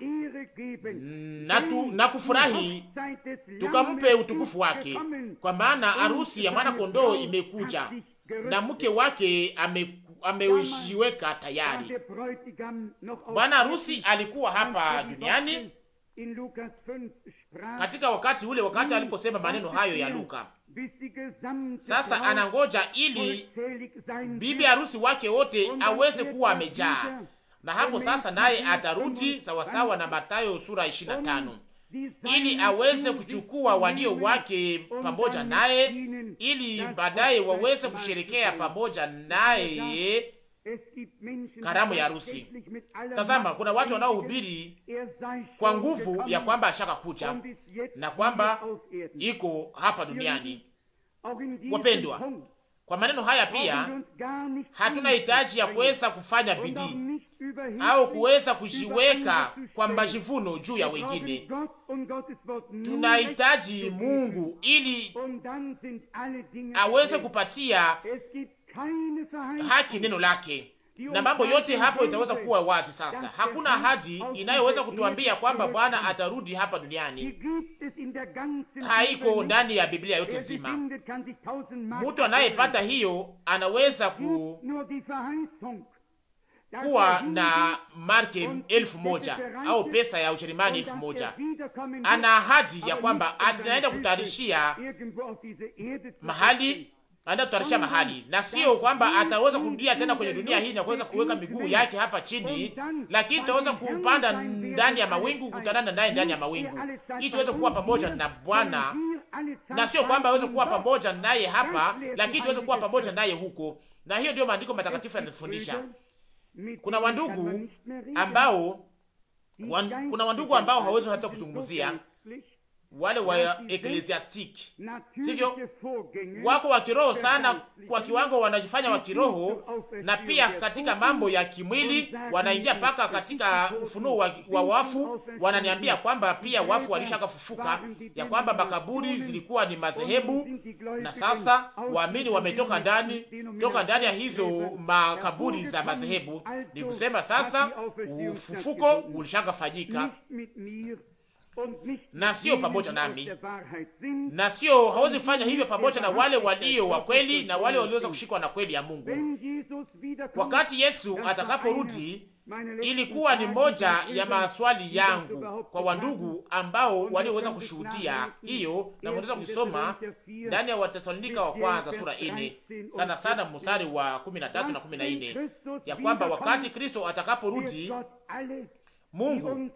na, tu, na kufurahi tukampe utukufu wake, kwa maana harusi ya mwana kondoo imekuja na mke wake ame ameiweka tayari. Bwana harusi alikuwa hapa duniani katika wakati ule, wakati aliposema maneno hayo ya Luka. Sasa anangoja ili bibi harusi wake wote aweze kuwa amejaa, na hapo sasa naye atarudi sawasawa na Mathayo sura 25 ili aweze kuchukua walio wake pamoja naye, ili baadaye waweze kusherekea pamoja naye karamu ya harusi. Tazama, kuna watu wanaohubiri kwa nguvu ya kwamba ashaka kucha na kwamba iko hapa duniani. Wapendwa, kwa maneno haya pia hatuna hitaji ya kuweza kufanya bidii au kuweza kujiweka kwa majivuno juu ya wengine. Tunahitaji Mungu ili aweze kupatia haki neno lake na mambo yote hapo itaweza kuwa wazi sasa. Hakuna ahadi inayoweza kutuambia kwamba Bwana atarudi hapa duniani, haiko ndani ya Biblia yote nzima. Mtu anayepata hiyo anaweza ku kuwa na marke elfu moja au pesa ya Ujerumani elfu moja. Ana ahadi ya kwamba anaenda kutayarishia mahali anaenda kutarisha mahali, na sio kwamba ataweza kurudia tena kwenye dunia hii na kuweza kuweka miguu yake hapa chini, lakini tutaweza kupanda ndani ya mawingu, kutanana naye ndani ya mawingu, ili tuweze kuwa pamoja na Bwana, na sio kwamba aweze kuwa pamoja naye hapa, lakini tuweze kuwa pamoja naye huko. Na hiyo ndio maandiko matakatifu yanatufundisha. Kuna wandugu ambao wan, kuna wandugu ambao hawezi hata kuzungumzia wale wa eklesiastiki, sivyo? Wako wa kiroho sana, kwa kiwango wanajifanya wa kiroho, na pia katika mambo ya kimwili wanaingia mpaka katika ufunuo wa, wa wafu. Wananiambia kwamba pia wafu walishakafufuka, ya kwamba makaburi zilikuwa ni madhehebu, na sasa waamini wametoka ndani toka ndani ya hizo makaburi za madhehebu. Ni kusema sasa ufufuko ulishakafanyika na sio pamoja nami, na sio hawezi fanya hivyo pamoja na wale walio wa kweli na wale walioweza kushikwa na kweli ya Mungu. Wakati Yesu atakaporudi, ilikuwa ni moja ya maswali yangu kwa wandugu ambao walioweza kushuhudia hiyo, na mnaweza kusoma ndani ya Watesalonika wa kwanza sura ine sana sana mstari wa 13 na 14 ya kwamba wakati Kristo atakaporudi Mungu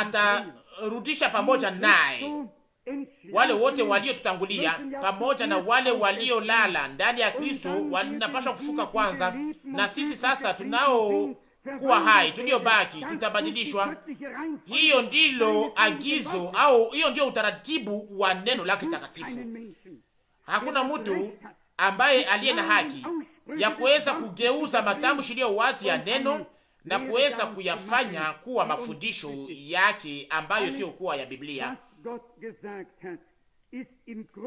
atarudisha pamoja naye wale wote waliotutangulia pamoja na wale waliolala ndani ya Kristo wanapashwa kufuka kwanza, na sisi sasa tunaokuwa hai tuliobaki tutabadilishwa. Hiyo ndilo agizo au hiyo ndio utaratibu wa neno lake takatifu. Hakuna mtu ambaye aliye na haki ya kuweza kugeuza matamshi iliyo wazi ya neno na kuweza kuyafanya kuwa mafundisho yake ambayo siyo kuwa ya Biblia.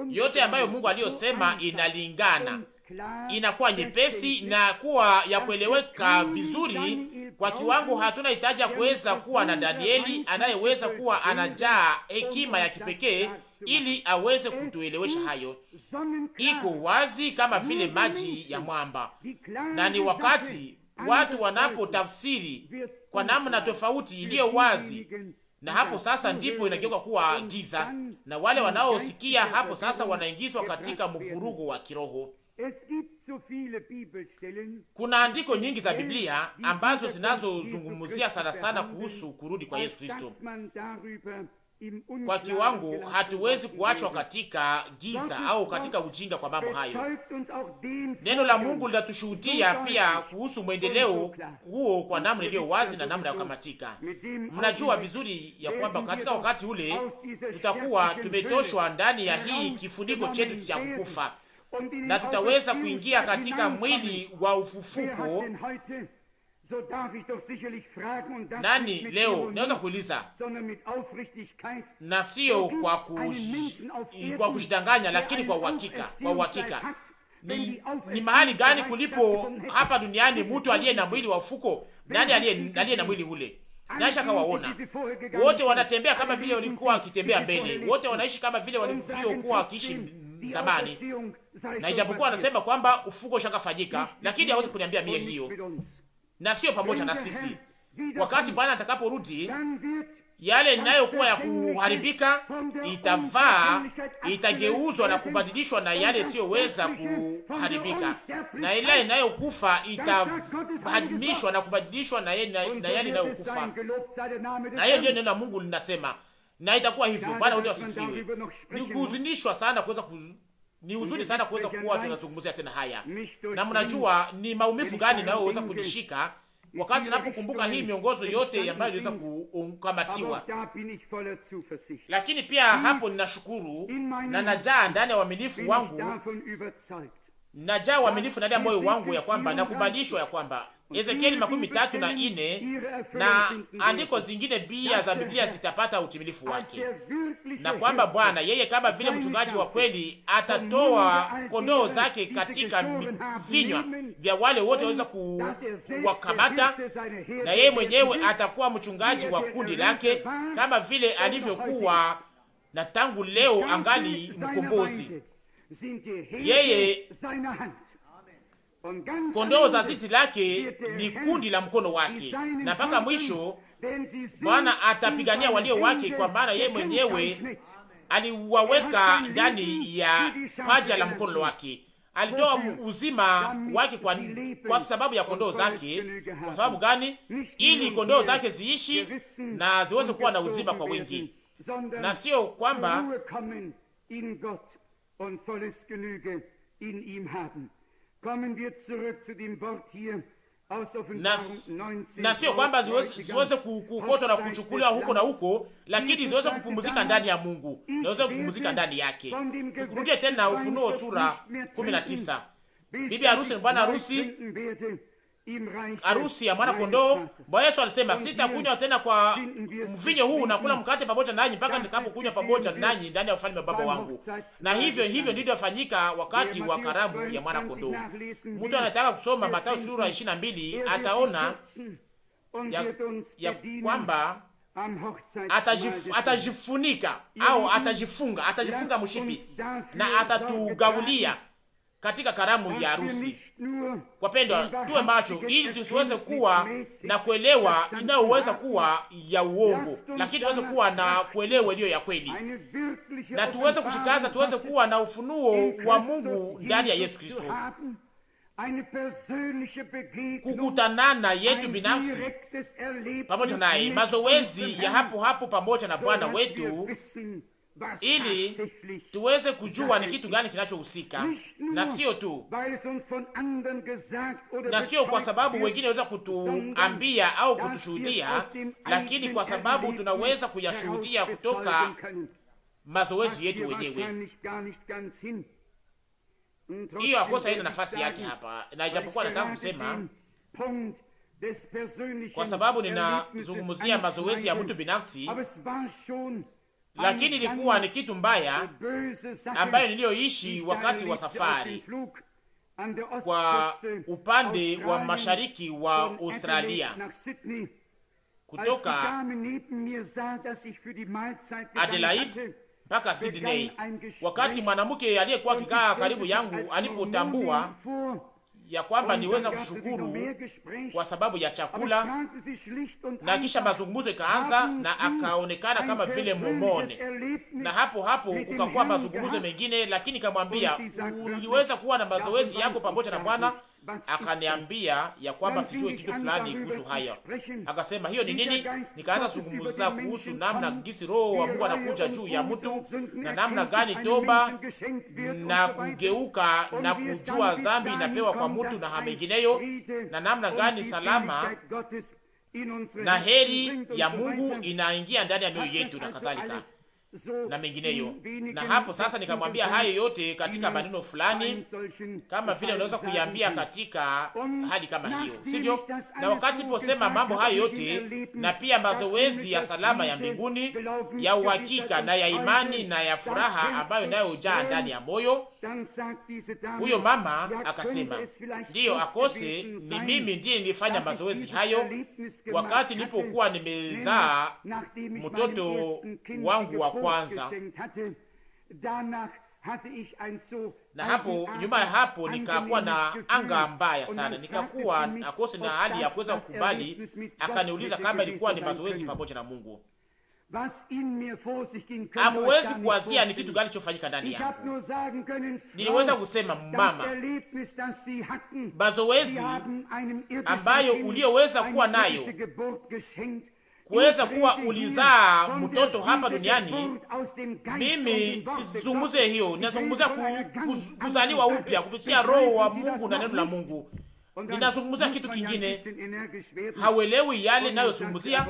Yote ambayo Mungu aliyosema inalingana, um inakuwa nyepesi na kuwa ya kueleweka vizuri kwa kiwango. Hatuna hitaji ya kuweza kuwa na Danieli anayeweza kuwa anajaa um hekima ya kipekee ili aweze kutuelewesha hayo. Iko wazi kama vile maji ya mwamba, na ni wakati watu wanapotafsiri kwa namna tofauti iliyo wazi, na hapo sasa ndipo inageuka kuwa giza, na wale wanaosikia hapo sasa wanaingizwa katika mvurugo wa kiroho. Kuna andiko nyingi za Biblia ambazo zinazozungumzia sana sana kuhusu kurudi kwa Yesu Kristo kwa kiwango hatuwezi kuachwa katika giza au katika ujinga kwa mambo hayo. Neno la Mungu linatushuhudia pia kuhusu mwendeleo huo kwa namna iliyo wazi na namna ya kukamatika. Mnajua vizuri ya kwamba katika wakati ule tutakuwa tumetoshwa ndani ya hii kifuniko chetu cha kukufa na tutaweza kuingia katika mwili wa ufufuko So darf ich doch sicherlich fragen und das Nani leo naweza kuuliza, na sio kwa, kwa kushidanganya, lakini kwa uhakika, kwa uhakika ni, ni mahali gani kulipo hapa duniani mtu aliye na mwili wa ufuko? Nani aliye na mwili ule? Naisha kawaona wote wanatembea kama vile walikuwa wakitembea mbele, wote wanaishi kama vile walivyokuwa wakiishi zamani, na ijapokuwa anasema kwamba ufuko ushakafanyika, lakini hawezi kuniambia mie hiyo na sio pamoja na sisi. Wakati Bwana atakaporudi, yale inayokuwa ya kuharibika itavaa, itageuzwa na kubadilishwa na yale isiyoweza kuharibika, na ile inayokufa itahadimishwa na kubadilishwa na yale inayokufa. Na hiyo ndiyo neno la Mungu linasema, na itakuwa hivyo. Bwana ule wasifiwe. Ni kuhuzunishwa sana kuweza ni uzuri sana kuweza kuwa tunazungumzia tena haya, na mnajua ni maumivu gani nayoweza kunishika wakati napokumbuka hii miongozo yote ambayo iliweza kukamatiwa, lakini pia hapo ninashukuru na najaa ndani ya uaminifu wangu, najaa uaminifu ndani ya moyo wangu ya kwamba nakubalishwa ya kwamba Ezekieli makumi tatu na ine na andiko zingine pia za Biblia zitapata utimilifu wake, na kwamba Bwana yeye kama vile mchungaji wa kweli atatoa kondoo zake katika vinywa vya wale wote waweza kuwakamata, na yeye mwenyewe atakuwa mchungaji wa kundi lake kama vile alivyokuwa, na tangu leo angali mkombozi yeye Kondoo za zizi lake ni kundi la mkono wake, na mpaka mwisho Bwana atapigania walio wake, kwa maana yeye mwenyewe aliwaweka ndani ya paja la mkono wake. Alitoa uzima wake kwa, kwa sababu ya kondoo zake. Kwa sababu gani? Ili kondoo zake ziishi na ziweze kuwa na uzima kwa wingi, na sio kwamba na, na sio kwamba ziweze kukotwa na kuchukuliwa huko na huko, lakini ziweze kupumzika ndani ya Mungu na ziweze kupumzika ndani yake. Turudie tena Ufunuo sura tisa Bibi harusi ni bwana harusi arusi ya mwana kondoo. Bwana Yesu alisema, sitakunywa tena kwa mvinyo huu na mkate pamoja nanyi mpaka nitakapokunywa pamoja nanyi ndani ya ufalme wa Baba wangu. Na hivyo hivyo ndivyo yafanyika wakati wa karamu ya mwana kondoo. Mtu anataka kusoma Mathayo sura 22 ataona ya, ya kwamba atajif, atajifunika au atajifunga atajifunga mshipi na atatugaulia katika karamu ya harusi. Wapendwa, tuwe macho ili tusiweze kuwa na kuelewa inayoweza kuwa ya uongo, lakini tuweze kuwa na kuelewa iliyo ya kweli, na tuweze kushikaza, tuweze kuwa na ufunuo wa Mungu ndani ya Yesu Kristo, kukutanana yetu binafsi pamoja naye, mazoezi ya hapo hapo pamoja na Bwana wetu ili tuweze kujua ni kitu gani kinachohusika, na sio tu na sio kwa sababu wengine waweza kutuambia au kutushuhudia, lakini kwa sababu tunaweza kuyashuhudia kutoka mazoezi yetu wenyewe. Hiyo akosa ina nafasi yake hapa, na ijapokuwa nataka kusema kwa sababu ninazungumzia mazoezi ya mtu binafsi, lakini ilikuwa ni kitu mbaya ambayo niliyoishi wakati wa safari kwa upande wa mashariki wa Australia kutoka Adelaide mpaka Sydney. Wakati mwanamke aliyekuwa akikaa karibu yangu alipotambua ya kwamba niweza kushukuru kwa sababu ya chakula, na kisha mazungumzo ikaanza, na akaonekana kama vile momone, na hapo hapo kukakuwa mazungumzo mengine, lakini kamwambia, uliweza kuwa na mazoezi yako pamoja na Bwana? Akaniambia ya kwamba sijue kitu fulani kuhusu haya. Akasema hiyo ni nini? Nikaanza kuzungumza kuhusu namna gisi Roho wa Mungu anakuja juu ya mtu na namna gani toba na kugeuka na kujua dhambi inapewa kwa mtu na mengineyo, na namna gani salama na heri ya Mungu inaingia ndani ya mioyo yetu na kadhalika na mengineyo. Na hapo sasa nikamwambia hayo yote katika maneno fulani, kama vile unaweza kuiambia katika hali kama hiyo, sivyo? Na wakati posema mambo hayo yote, na pia mazoezi ya salama ya mbinguni ya uhakika na ya imani na ya furaha ambayo nayo hujaa ndani ya moyo huyo mama akasema, ndiyo akose, ni mimi ndiye nilifanya mazoezi hayo wakati nilipokuwa nimezaa mtoto wangu wa kwanza, na hapo nyuma ya hapo nikakuwa na anga mbaya sana, nikakuwa akose na hali ya kuweza kukubali. Akaniuliza kama ilikuwa ni mazoezi pamoja na Mungu. Hamuwezi kuwazia ni kitu gani chofanyika ndani yangu. Niliweza kusema mama, mazoezi ambayo ulioweza kuwa nayo kuweza kuwa ulizaa mtoto hapa duniani. Mimi sizungumze hiyo, ninazungumzia kuzaliwa upya kupitia Roho wa Mungu na neno la Mungu ninazungumzia kitu kingine, hauelewi yale ninayozungumzia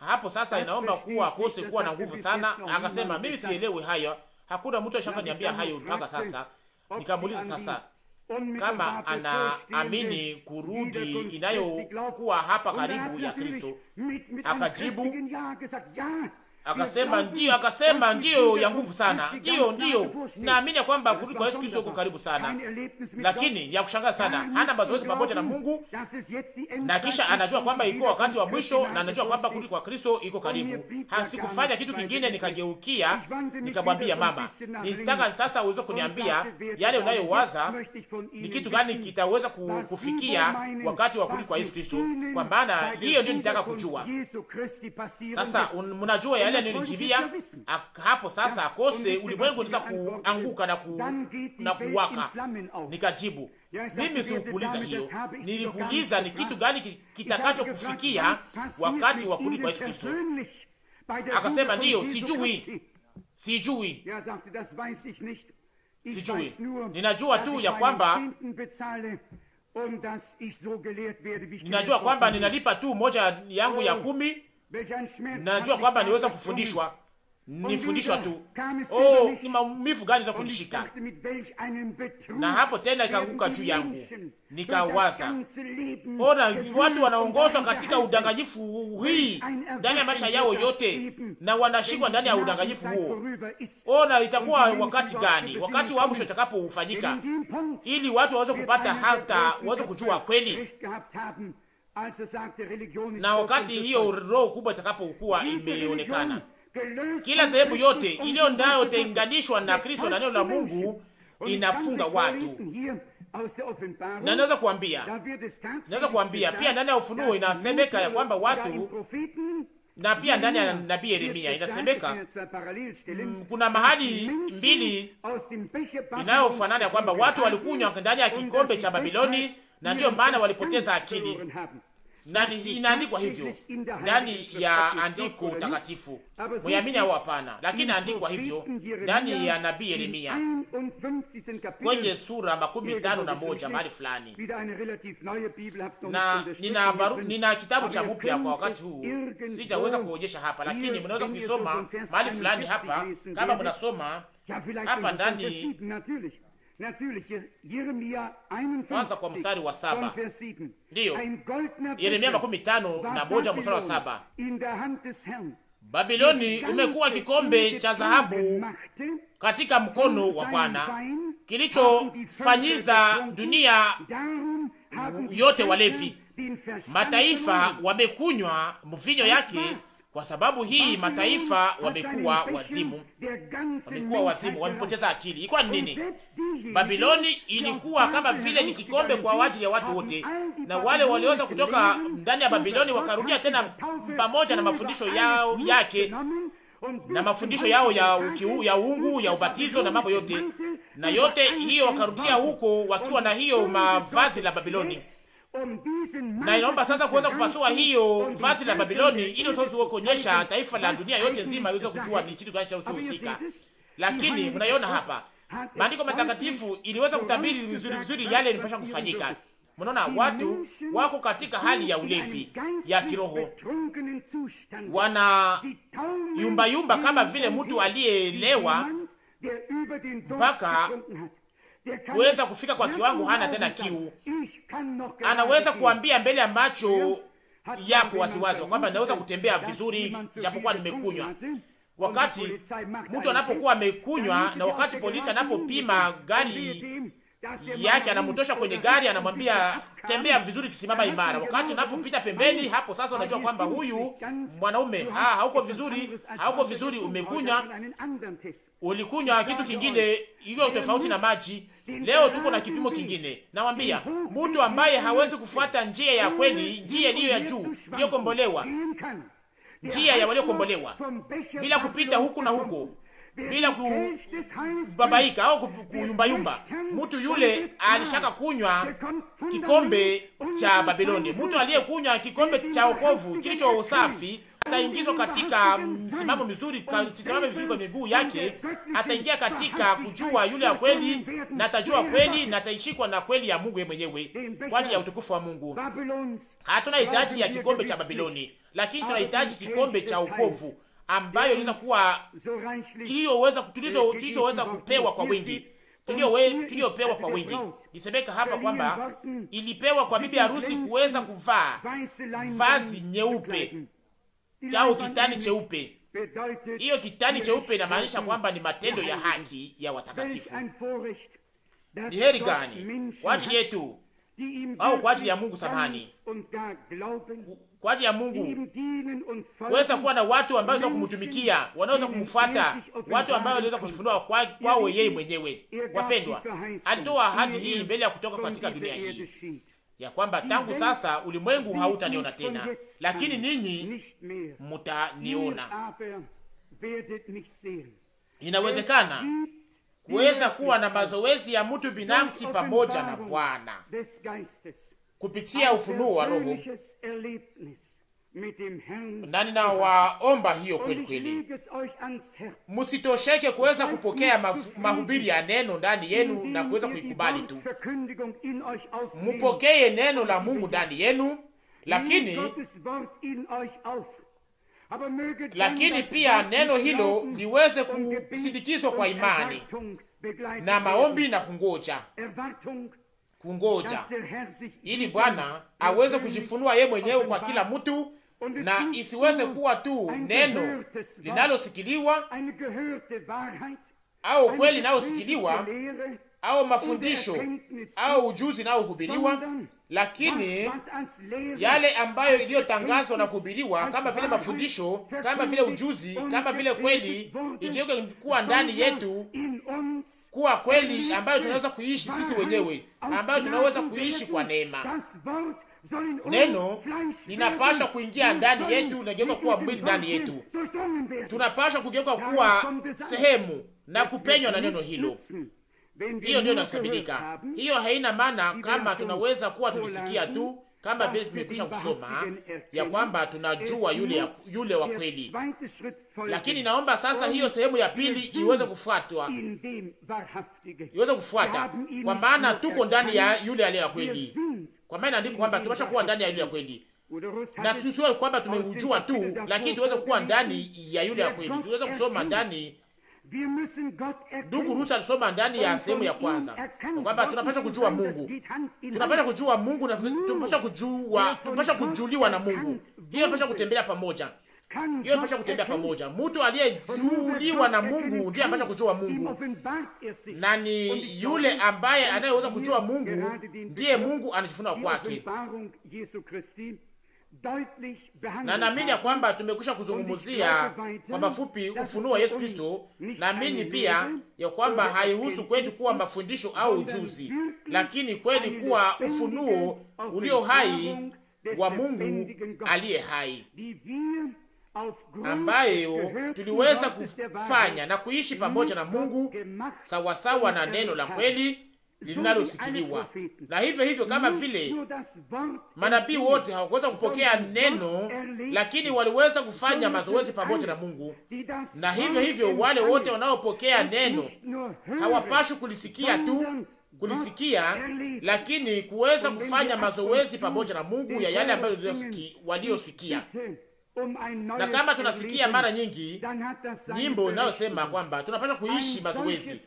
hapo. Sasa inaomba kuwa akose kuwa na nguvu sana, akasema mimi sielewi hayo, hakuna mtu ashaka niambia hayo mpaka sasa. Nikamuuliza sasa kama anaamini kurudi inayokuwa hapa karibu ya Kristo, akajibu Akasema ndio, akasema ndio ya nguvu sana. Ndio, ndio. Naamini kwamba kurudi kwa Yesu Kristo uko karibu sana. Lakini ya kushangaza sana. Hana mazoezi pamoja na Mungu. Na kisha anajua kwamba iko wakati wa mwisho na anajua kwamba kurudi kwa Kristo iko karibu. Hasikufanya kitu kingine, nikageukia nikamwambia mama, nitaka sasa uweze kuniambia yale unayowaza ni kitu gani kitaweza kufikia wakati wa kurudi kwa Yesu Kristo. Kwa maana hiyo ndio nitaka kujua. Sasa mnajua yale Danieli nilijibia hapo sasa, akose ulimwengu unaweza kuanguka na, ku, na kuwaka. Nikajibu mimi sikuuliza hiyo, nilikuuliza ni kitu gani kitakachokufikia wakati wa kurudi kwa Yesu Kristo. Akasema ndiyo, sijui, sijui sijui ninajua tu ya kwamba ninajua kwamba ninalipa tu moja yangu ya oh. kumi najua kwamba niweza kufundishwa, nifundishwa tu. Oh, ni maumivu gani za kunishika! Na hapo tena ikaanguka juu yangu, nikawaza ona, watu wanaongozwa katika udanganyifu hii ndani ya maisha yao yote, na wanashikwa ndani ya udanganyifu huo. Ona, itakuwa wakati gani? Wakati wa mwisho utakapofanyika, ili watu waweze kupata hata waweze kujua kweli na wakati hiyo roho kubwa itakapokuwa imeonekana, kila sehemu yote iliyo nayotenganishwa tenganishwa na Kristo na neno la Mungu inafunga watu na naweza kuambia, naweza kuambia pia ndani ya Ufunuo inasemeka ya kwamba watu na pia ndani ya nabii Yeremia inasemeka mm, kuna mahali mbili inayofanana ya kwamba watu walikunywa ndani ya kikombe cha Babiloni, na ndiyo maana walipoteza akili nani inaandikwa hivyo ndani ya andiko takatifu, muyamini au hapana? Lakini inaandikwa hivyo ndani ya nabii Yeremia kwenye sura makumi tano na moja mahali fulani, na nina, baru, nina kitabu cha mpya kwa wakati huu sijaweza kuonyesha hapa, lakini mnaweza kuisoma mahali fulani hapa kama mnasoma hapa ndani kwanza kwa mstari wa saba ndiyo Yeremia makumi tano na moja mstari wa saba Babiloni imekuwa kikombe cha dhahabu katika mkono um wa Bwana, kilichofanyiza dunia yote walevi. Mataifa wamekunywa mvinyo yake kwa sababu hii mataifa wamekuwa wazimu, wamekuwa wazimu, wamepoteza akili. Ilikuwa ni nini? Babiloni ilikuwa kama vile ni kikombe kwa ajili ya watu wote, na wale walioweza kutoka ndani ya Babiloni wakarudia tena pamoja na mafundisho yao yake na mafundisho yao ya ukiu, ya uungu ya ubatizo na mambo yote na yote hiyo, wakarudia huko wakiwa na hiyo mavazi la Babiloni na inaomba sasa kuweza kupasua hiyo vazi la Babiloni ili usiweze kuonyesha taifa la dunia yote nzima iweze kujua ni kitu gani cha usiuhusika. Lakini mnaiona hapa maandiko matakatifu iliweza kutabiri vizuri vizuri yale yanipasha kufanyika. Mnaona watu wako katika hali ya ulevi ya kiroho, wana yumba kama vile mtu aliyelewa mpaka kuweza kufika kwa kiwango, hana tena kiu, anaweza kuambia mbele ya macho yako wasiwasi kwamba naweza kutembea vizuri japokuwa nimekunywa. Wakati mtu anapokuwa amekunywa na er wakati polisi anapopima gari yake anamtosha kwenye gari, anamwambia tembea vizuri, tusimama imara. Er wakati unapopita pembeni hapo, sasa unajua kwamba huyu mwanaume ah, hauko vizuri, hauko vizuri, umekunywa, er ulikunywa kitu kingine hiyo tofauti na maji. Leo tuko na kipimo kingine. Nawambia mtu ambaye hawezi kufuata njia ya kweli, njia iliyo ya juu iliyokombolewa, njia ya waliokombolewa, bila kupita huku na huko, bila kubabaika au kuyumbayumba. Mtu yule alishaka kunywa kikombe cha Babiloni, mtu aliyekunywa kikombe cha wokovu kilicho usafi ataingizwa katika msimamo mzuri, kasimame vizuri kwa miguu yake, ataingia katika kujua yule ya kweli, na atajua kweli, na ataishikwa na kweli ya Mungu mwenyewe kwa ajili ya utukufu wa Mungu. Hatuna hitaji ya kikombe cha Babiloni, lakini tunahitaji kikombe cha ukovu ambayo inaweza kuwa tuliyoweza tulizoweza kupewa kwa wingi tuliopewa kwa wingi. Isemeka hapa kwamba ilipewa kwa bibi harusi kuweza kuvaa vazi nyeupe au kitani cheupe. Hiyo kitani cheupe inamaanisha kwamba ni matendo ya haki ya watakatifu. Ni heri gani kwa ajili yetu au kwa ajili ya Mungu, samani kwa ajili ya Mungu kuweza kuwa na watu ambao waweza kumtumikia, wanaweza kumfuata, watu ambao waliweza kujifunua kwao kwa yeye mwenyewe. Wapendwa, alitoa ahadi hii mbele ya kutoka katika dunia hii ya kwamba tangu sasa ulimwengu hautaniona tena, lakini ninyi mutaniona. Inawezekana kuweza kuwa na mazoezi ya mtu binafsi pamoja na Bwana kupitia ufunuo wa Roho na ninawaomba hiyo kweli kweli, musitosheke kuweza kupokea mahubiri ya neno ndani yenu na kuweza kuikubali tu, mupokee neno la Mungu ndani yenu, lakini lakini pia neno hilo liweze kusindikizwa kwa imani na maombi na kungoja kungoja, ili Bwana aweze kujifunua ye mwenyewe kwa kila mtu na isiweze kuwa tu neno linalosikiliwa au kweli inayosikiliwa au mafundisho au ujuzi inayohubiriwa, lakini yale ambayo iliyotangazwa na kuhubiriwa, kama vile mafundisho, kama vile ujuzi, kama vile kweli, ikiweke kuwa ndani yetu, kuwa kweli ambayo tunaweza kuishi sisi wenyewe, ambayo tunaweza kuishi kwa neema neno linapasha kuingia ndani yetu, linageuka kuwa mwili ndani yetu. Tunapasha kugeuka kuwa sehemu na kupenywa na neno hilo. Hiyo ndio inasabilika. Hiyo haina maana kama tunaweza kuwa tulisikia tu kama vile tumekwisha kusoma ya kwamba tunajua yule, yule wa kweli. Lakini naomba sasa hiyo sehemu ya pili iweze kufuatwa, iweze kufuata, kwa maana tuko ndani ya yule aliye ya kweli, kwa maana andiko kwamba tumesha kuwa ndani ya yule ya kweli na tusiwe kwamba tumeujua tu, lakini tuweze kuwa ndani ya yule ya kweli, tuweze kusoma ndani Ndugu Rusi alisoma ndani ya sehemu ya kwanza kwamba tunapasha kujua Mungu, tunapasha kujua Mungu na tunapasha kujua, tunapasha kujuliwa na Mungu. Hiyo tunapasha kutembea pamoja, hiyo tunapasha kutembea pamoja. Mtu aliyejuliwa na Mungu ndiye anapasha kujua Mungu, na ni yule ambaye anayeweza kujua Mungu ndiye Mungu anajifunua kwake na naamini ya kwamba tumekwisha kuzungumzia kwa mafupi ufunuo wa Yesu Kristo. Naamini pia ya kwamba haihusu kwetu kuwa mafundisho au ujuzi, lakini kweli kuwa ufunuo ulio hai wa Mungu aliye hai ambayo tuliweza kufanya na kuishi pamoja na Mungu sawasawa na neno la kweli linalosikiliwa. Na hivyo hivyo, kama vile manabii wote hawakuweza kupokea neno, lakini waliweza kufanya mazoezi pamoja na Mungu. Na hivyo hivyo, wale wote wanaopokea neno hawapashi kulisikia tu kulisikia lakini kuweza kufanya mazoezi pamoja na Mungu ya yale ambayo waliosikia. Um, na kama tunasikia mara nyingi nyimbo inayosema kwamba tunapaswa kuishi mazoezi,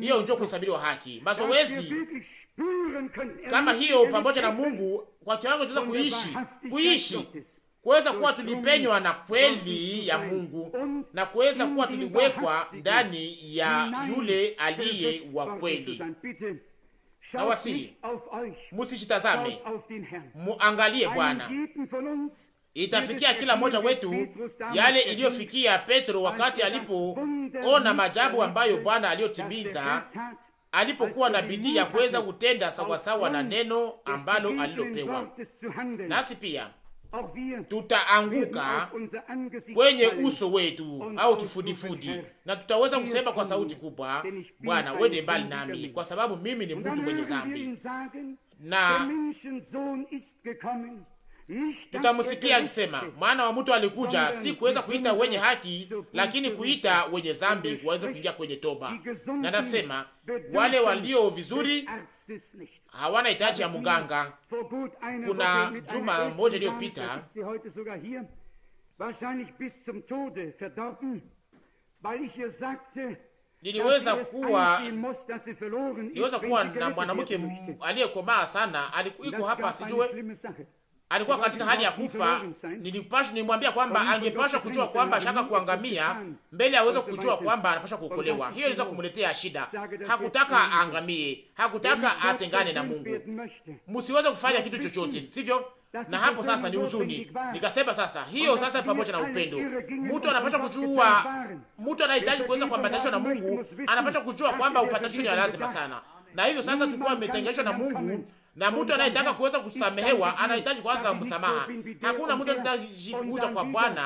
hiyo ndio kuhesabiwa haki. Mazoezi kama hiyo pamoja na Mungu kwa kiwango tunaweza kuishi kuishi, kuweza kuwa tulipenywa na kweli ya Mungu na kuweza kuwa tuliwekwa ndani ya yule aliye wa kweli. Na wasi musishitazame, muangalie Bwana itafikia kila mmoja wetu yale iliyofikia Petro wakati alipoona majabu ambayo Bwana aliyotimiza alipokuwa na bidii ya kuweza kutenda sawasawa na neno ambalo alilopewa. Nasi pia tutaanguka kwenye uso wetu au kifudifudi, na tutaweza kusema kwa sauti kubwa, Bwana, wende mbali nami, kwa sababu mimi ni mtu mwenye zambi na Tutamsikia akisema mwana wa mtu alikuja si kuweza kuita wenye haki, lakini kuita wenye zambi waweze kuingia kwenye toba. Na nasema wale walio vizuri hawana hitaji ya muganga. Kuna juma moja iliyopita niliweza kuwa niliweza kuwa na mwanamke aliyekomaa sana, iko hapa sijue alikuwa katika hali ya kufa. Nilipasha nimwambia kwamba angepasha kujua kwamba shaka kuangamia mbele aweze kujua kwamba anapasha kuokolewa. Hiyo inaweza kumletea shida. Hakutaka aangamie, hakutaka atengane na Mungu. Msiweze kufanya kitu chochote, sivyo? Na hapo sasa ni huzuni. Nikasema sasa hiyo sasa pamoja na upendo. Mtu anapaswa kujua, mtu anahitaji kuweza kuambatanishwa na Mungu, anapaswa kujua kwamba upatanisho ni lazima sana. Na hivyo sasa tulikuwa ametengeshwa na Mungu na mtu anayetaka kuweza kusamehewa anahitaji kwanza msamaha. Hakuna mtu anahitaji kuja kwa Bwana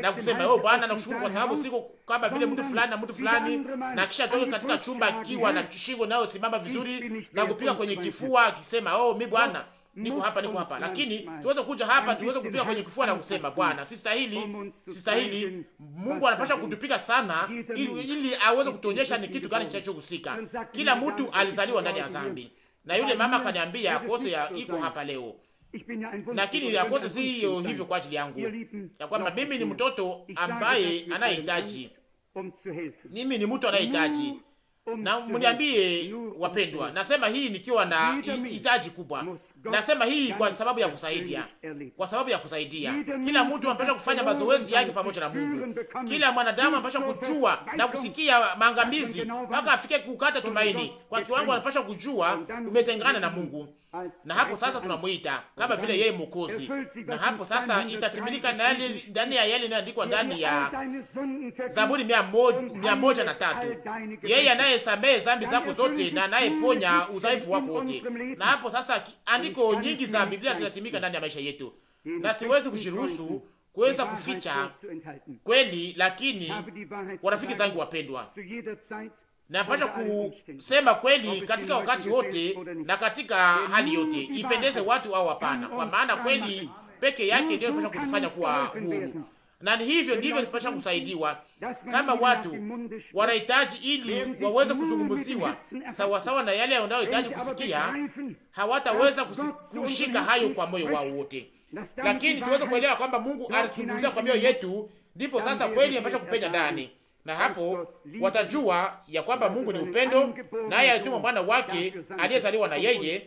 na kusema oh, Bwana nakushukuru kwa sababu siko kama vile mtu fulani na mtu fulani, na kisha toke katika chumba akiwa na shingo nayo simama vizuri na kupiga kwenye kifua akisema oh, mi Bwana niko hapa, niko hapa. Lakini tuweze kuja hapa, tuweze kupiga kwenye kifua na kusema Bwana, si stahili, si stahili. Mungu anapasha kutupiga sana, ili, ili aweze kutuonyesha ni kitu gani kinachohusika. Kila mtu alizaliwa ndani ya dhambi na yule mama akaniambia yakose ya iko hapa leo, lakini yakose siyo hivyo kwa ajili yangu, ya kwamba mimi ni mtoto ambaye anahitaji, mimi ni mtu anahitaji na mniambie wapendwa, nasema hii nikiwa na hitaji kubwa, nasema hii kwa sababu ya kusaidia, kwa sababu ya kusaidia. Kila mtu anapaswa kufanya mazoezi yake pamoja na Mungu. Kila mwanadamu anapaswa kujua na kusikia maangamizi mpaka afike kukata tumaini. Kwa kiwango anapaswa kujua umetengana na Mungu na hapo sasa tunamuita kama vile yeye Mwokozi, na hapo sasa itatimilika ndani ya yale inayoandikwa ndani ya Zaburi mia moja na tatu, yeye anayesamehe zambi zako zote na anayeponya udhaifu wako wote. Na hapo sasa andiko nyingi za Biblia zinatimilika ndani ya maisha yetu, na siwezi kujiruhusu kuweza kuficha kweli. Lakini warafiki zangu wapendwa napasha kusema kweli katika wakati wote na katika hali yote, ipendeze watu au hapana, kwa maana kweli peke yake ndio inapasha kutufanya kuwa huru na hivyo ndivyo tunapaswa kusaidiwa kama watu wanahitaji, ili waweze kuzungumziwa sawasawa na yale wanayohitaji kusikia. Hawataweza kushika hayo kwa moyo wao wote, lakini tuweze kuelewa kwamba Mungu alizungumzia kwa mioyo yetu, ndipo sasa kweli ambacho kupenya ndani na hapo watajua ya kwamba Mungu ni upendo, naye alituma mwana wake aliyezaliwa na yeye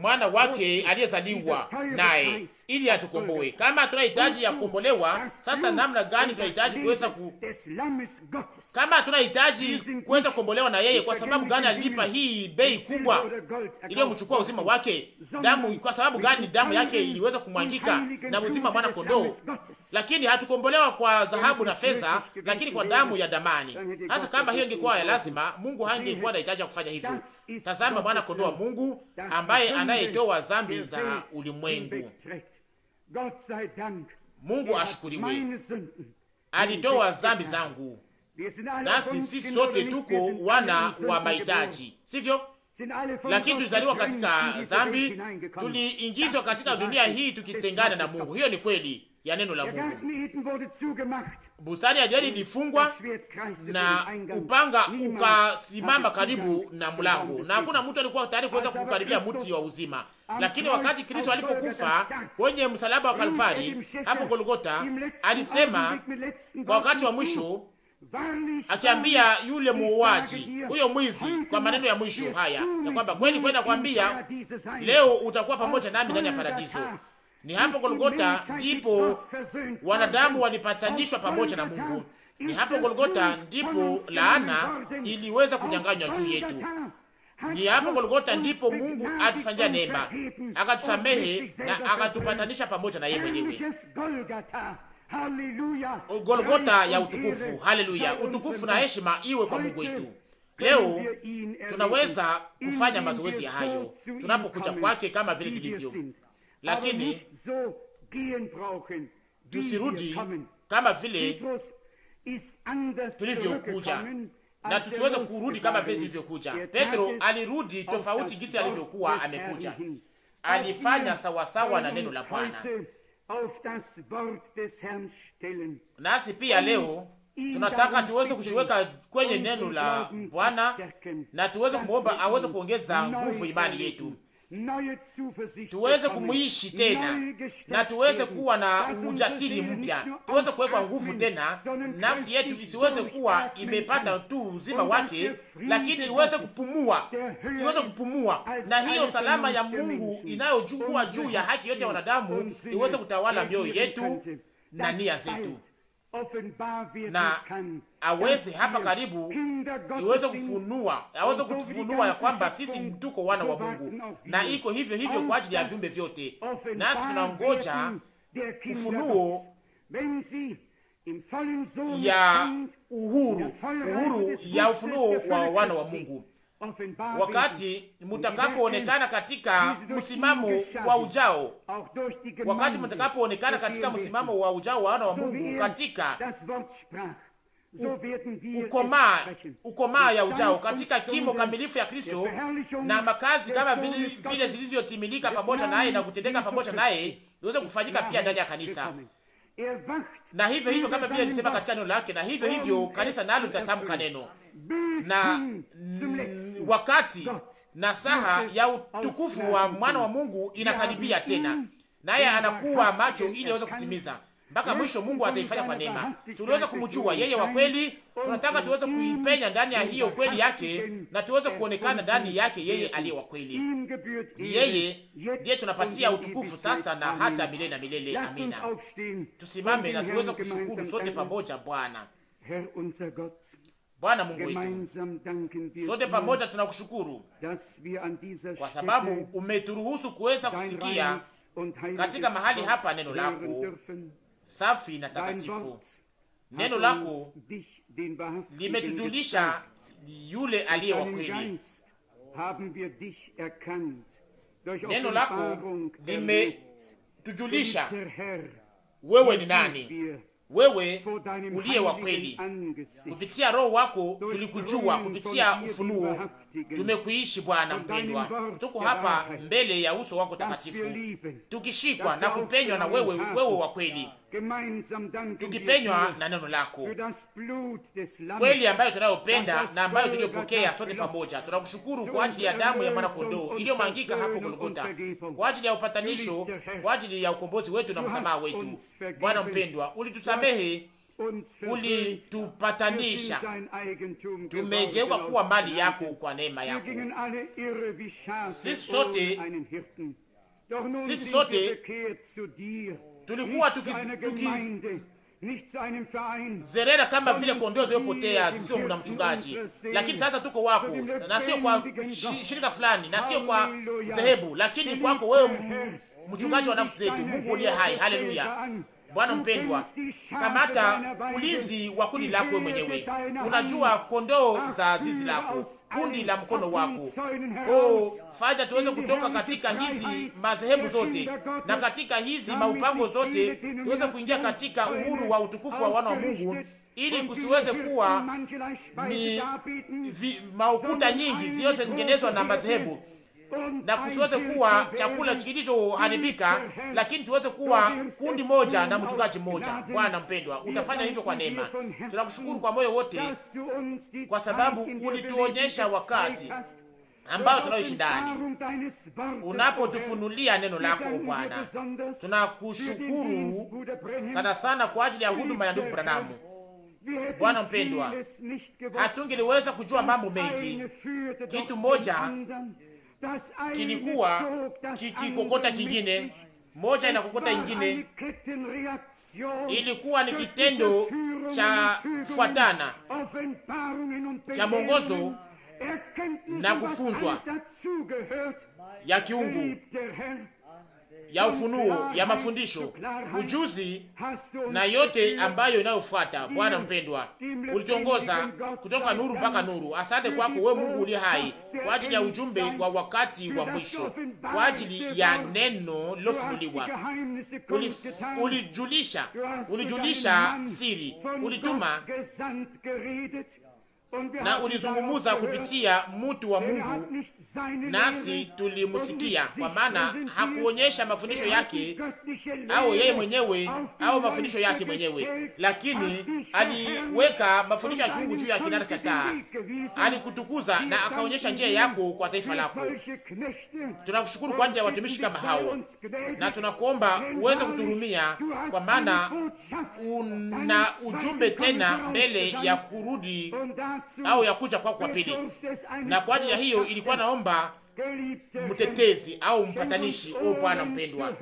mwana wake aliyezaliwa naye ili atukomboe. Kama tunahitaji ya kukombolewa, sasa namna gani tunahitaji kuweza ku... kama tunahitaji kuweza kukombolewa na yeye, kwa sababu gani alilipa hii bei kubwa iliyomchukua uzima wake damu? Kwa sababu gani damu yake iliweza kumwangika na uzima mwana kondoo? Lakini hatukombolewa kwa dhahabu na fedha, lakini kwa damu ya damani. Hasa kama hiyo ingekuwa ya lazima, Mungu hangekuwa anahitaji kufanya hivyo. Tazama mwana kondoo wa Mungu ambaye anayetoa zambi za ulimwengu. Mungu ashukuriwe, alitoa zambi zangu, nasi sisi sote tuko wana wa mahitaji, sivyo? Lakini tulizaliwa katika zambi tuliingizwa katika dunia hii tukitengana na Mungu. Hiyo ni kweli ya neno la Mungu. Bustani ya Edeni ilifungwa na upanga ukasimama karibu na mlango, na hakuna mtu alikuwa tayari kuweza kukaribia mti wa uzima. Lakini wakati Kristo alipokufa kwenye msalaba wa er Kalvari hapo Golgota, alisema kwa wakati wa mwisho akiambia yule muuaji huyo mwizi kwa maneno ya mwisho haya ya kwamba kweli kwenda kwambia leo utakuwa pamoja nami ndani ya paradiso. Ni hapo Golgota ndipo wanadamu walipatanishwa pamoja na Mungu. Ni hapo Golgota ndipo laana iliweza kunyang'anywa juu yetu. Ni hapo Golgota ndipo Mungu atufanyia neema, akatusamehe na akatupatanisha pamoja na yeye mwenyewe. Golgota ya utukufu. Haleluya! Utukufu na heshima iwe kwa Mungu wetu. Leo tunaweza kufanya mazoezi ya hayo tunapokuja kwake, kama vile tulivyo lakini tusirudi kama vile tulivyokuja na tusiweze kurudi kama vile tulivyokuja. Petro alirudi tofauti gisi alivyokuwa amekuja, alifanya sawasawa na neno la Bwana. Nasi pia um leo tunataka tuweze kushiweka kwenye neno la Bwana na tuweze kumwomba aweze kuongeza nguvu imani yetu tuweze kumuishi tena na tuweze kuwa na ujasiri mpya, tuweze kuwekwa nguvu tena, nafsi yetu isiweze kuwa imepata tu uzima wake, lakini iweze kupumua, iweze kupumua, na hiyo salama ya Mungu inayojungua juu ya haki yote ya wanadamu iweze kutawala mioyo yetu na nia zetu na aweze hapa karibu iweze kufunua, aweze kutufunua ya kwamba sisi tuko wana wa Mungu, na iko hivyo hivyo kwa ajili ya viumbe vyote, nasi tunangoja ufunuo ya uhuru, uhuru ya ufunuo wa wana wa Mungu wakati mutakapoonekana katika msimamo wa ujao, wakati mutakapoonekana katika msimamo wa ujao wa wana wa Mungu katika ukomaa ukoma ya ujao katika kimo kamilifu ya Kristo na makazi kama vile, vile zilivyotimilika pamoja naye na kutendeka pamoja naye iweze kufanyika pia ndani ya kanisa, na hivyo hivyo kama vile alisema katika neno lake, na hivyo hivyo kanisa nalo litatamka neno na wakati na saha ya utukufu wa mwana wa Mungu inakaribia tena, naye anakuwa macho ili aweze kutimiza mpaka mwisho. Mungu ataifanya kwa neema. Tuliweza kumjua yeye wa kweli, tunataka tuweze kuipenya ndani ya hiyo kweli yake na tuweze kuonekana ndani yake yeye aliye wa kweli. Yeye ndiye tunapatia utukufu sasa na hata milele na milele. Amina. Tusimame na tuweze kushukuru sote pamoja Bwana Bwana Mungu wetu, sote pamoja tunakushukuru kwa sababu umeturuhusu kuweza kusikia katika mahali hapa neno lako safi na takatifu. Neno lako limetujulisha yule aliye wa kweli. Neno lako limetujulisha wewe ni nani wewe uliye wa kweli. Kupitia Roho wako tulikujua, kupitia ufunuo tumekuishi. Bwana mpendwa, tuko hapa mbele ya uso wako takatifu, tukishikwa na kupenywa na wewe, wewe wa kweli tukipenywa na neno lako kweli ambayo tunayopenda na ambayo tuliyopokea sote pamoja. Tunakushukuru kwa ajili ya damu ya mwanakondoo iliyomwangika hapo Golgota, kwa ajili ya upatanisho, kwa ajili ya ukombozi wetu na msamaha wetu. Bwana mpendwa, ulitusamehe ulitupatanisha, tumegeuka kuwa mali yako kwa neema yako. Sisi sote sisi sote tulikuwa tukizerera kama vile kondoo ziliyopotea zisizo na mchungaji, lakini sasa tuko wako na sio kwa shirika fulani na sio kwa dhehebu, lakini kwako wewe mchungaji wa nafsi zetu, Mungu uliye hai. Haleluya! Bwana mpendwa, kamata ulinzi wa kundi lako mwenyewe. Unajua kondoo za zizi lako, kundi la mkono wako. Oh, faida tuweze kutoka katika hizi madhehebu zote na katika hizi maupango zote, tuweze kuingia katika uhuru wa utukufu wa wana wa Mungu ili kusiweze kuwa mi, vi, maukuta nyingi zilizotengenezwa na madhehebu na kusiweze kuwa chakula kilichoharibika, lakini tuweze kuwa kundi moja na mchungaji mmoja. Bwana mpendwa, utafanya hivyo kwa neema. Tunakushukuru kwa moyo wote, kwa sababu ulituonyesha wakati ambayo tunaoishi ndani, unapotufunulia neno lako Bwana. Tunakushukuru sana sana kwa ajili ya huduma ya ndugu Branamu. Bwana mpendwa, hatungeliweza kujua mambo mengi. Kitu moja kilikuwa kikikokota kingine moja inakokota ingine, ilikuwa ni kitendo cha kufuatana cha mwongozo na kufunzwa ya kiungu ya ufunuo ya mafundisho, ujuzi na yote ambayo inayofuata. Bwana mpendwa, ulitongoza kutoka nuru mpaka nuru. Asante kwako wewe Mungu uliye hai kwa ajili ya ujumbe wa wakati wa mwisho, kwa ajili ya neno lilofunuliwa. Ulijulisha, ulijulisha siri, ulituma na ulizungumuza kupitia mtu wa Mungu, nasi tulimusikia, kwa maana hakuonyesha mafundisho yake au yeye mwenyewe au mafundisho yake mwenyewe, lakini aliweka mafundisho ya kiungu juu ya kinara cha taa, alikutukuza na akaonyesha njia yako kwa taifa lako. Tunakushukuru kwa ajili ya watumishi kama hao, na tunakuomba uweze kutuhurumia, kwa maana una ujumbe tena mbele ya kurudi au ya kuja kwako kwa pili. Na kwa ajili ya hiyo ilikuwa naomba mtetezi au mpatanishi. O Bwana mpendwa,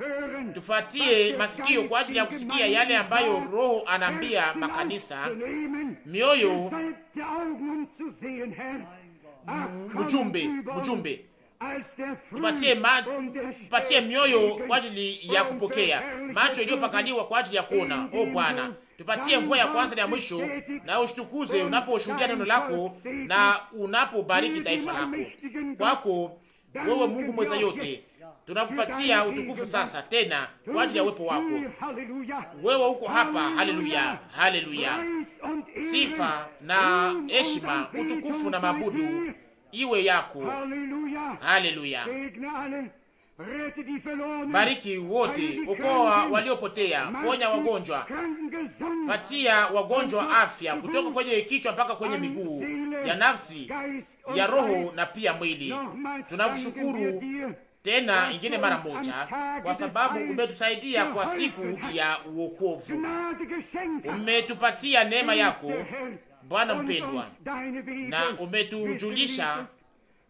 tufuatie masikio kwa ajili ya kusikia yale ambayo Roho anaambia makanisa, mioyo mjumbe, mjumbe tupatie ma... tupatie mioyo kwa ajili ya kupokea, macho iliyopakaliwa kwa ajili ya kuona. O Bwana, tupatie mvua ya kwanza na ya mwisho, na ushtukuze unaposhuhudia neno lako na unapobariki taifa lako. Kwako wewe Mungu mweza yote, tunakupatia utukufu sasa tena kwa ajili ya uwepo wako. Wewe uko hapa, haleluya, haleluya. Sifa na heshima, utukufu na mabudu iwe yako, haleluya. Bariki wote, okoa waliopotea, ponya wagonjwa, patia wagonjwa afya kutoka kwenye kichwa mpaka kwenye miguu ya nafsi, ya roho na pia mwili. Tunakushukuru tena ingine mara moja kwa sababu umetusaidia kwa siku ya uokovu, umetupatia neema yako Bwana mpendwa, na umetujulisha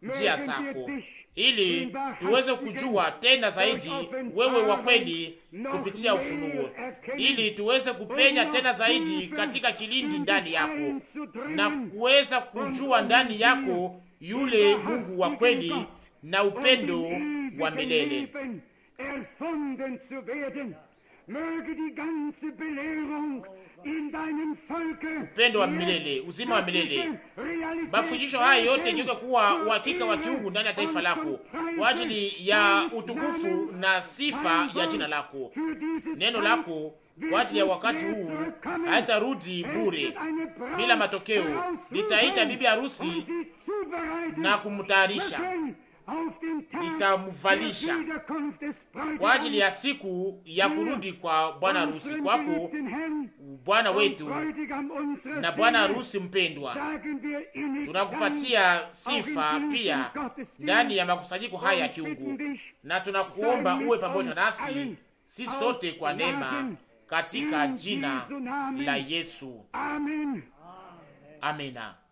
njia zako ili tuweze kujua tena zaidi wewe wa kweli kupitia ufunuo, ili tuweze kupenya tena zaidi katika kilindi ndani yako na kuweza kujua ndani yako yule Mungu wa kweli na upendo wa milele upendo wa milele, uzima wa milele. Mafundisho haya yote igeuka kuwa uhakika wa kiungu ndani ya taifa lako kwa ajili ya utukufu na sifa ya jina lako. Neno lako kwa ajili ya wakati huu haitarudi bure bila matokeo, litaita bibi harusi um na kumtayarisha nitamvalisha kwa ajili ya siku ya kurudi kwa bwana harusi kwako, bwana wetu na bwana harusi mpendwa. Tunakupatia sifa pia ndani ya makusanyiko haya ya kiungu, na tunakuomba uwe pamoja nasi si sote kwa neema, katika jina la Yesu, amina.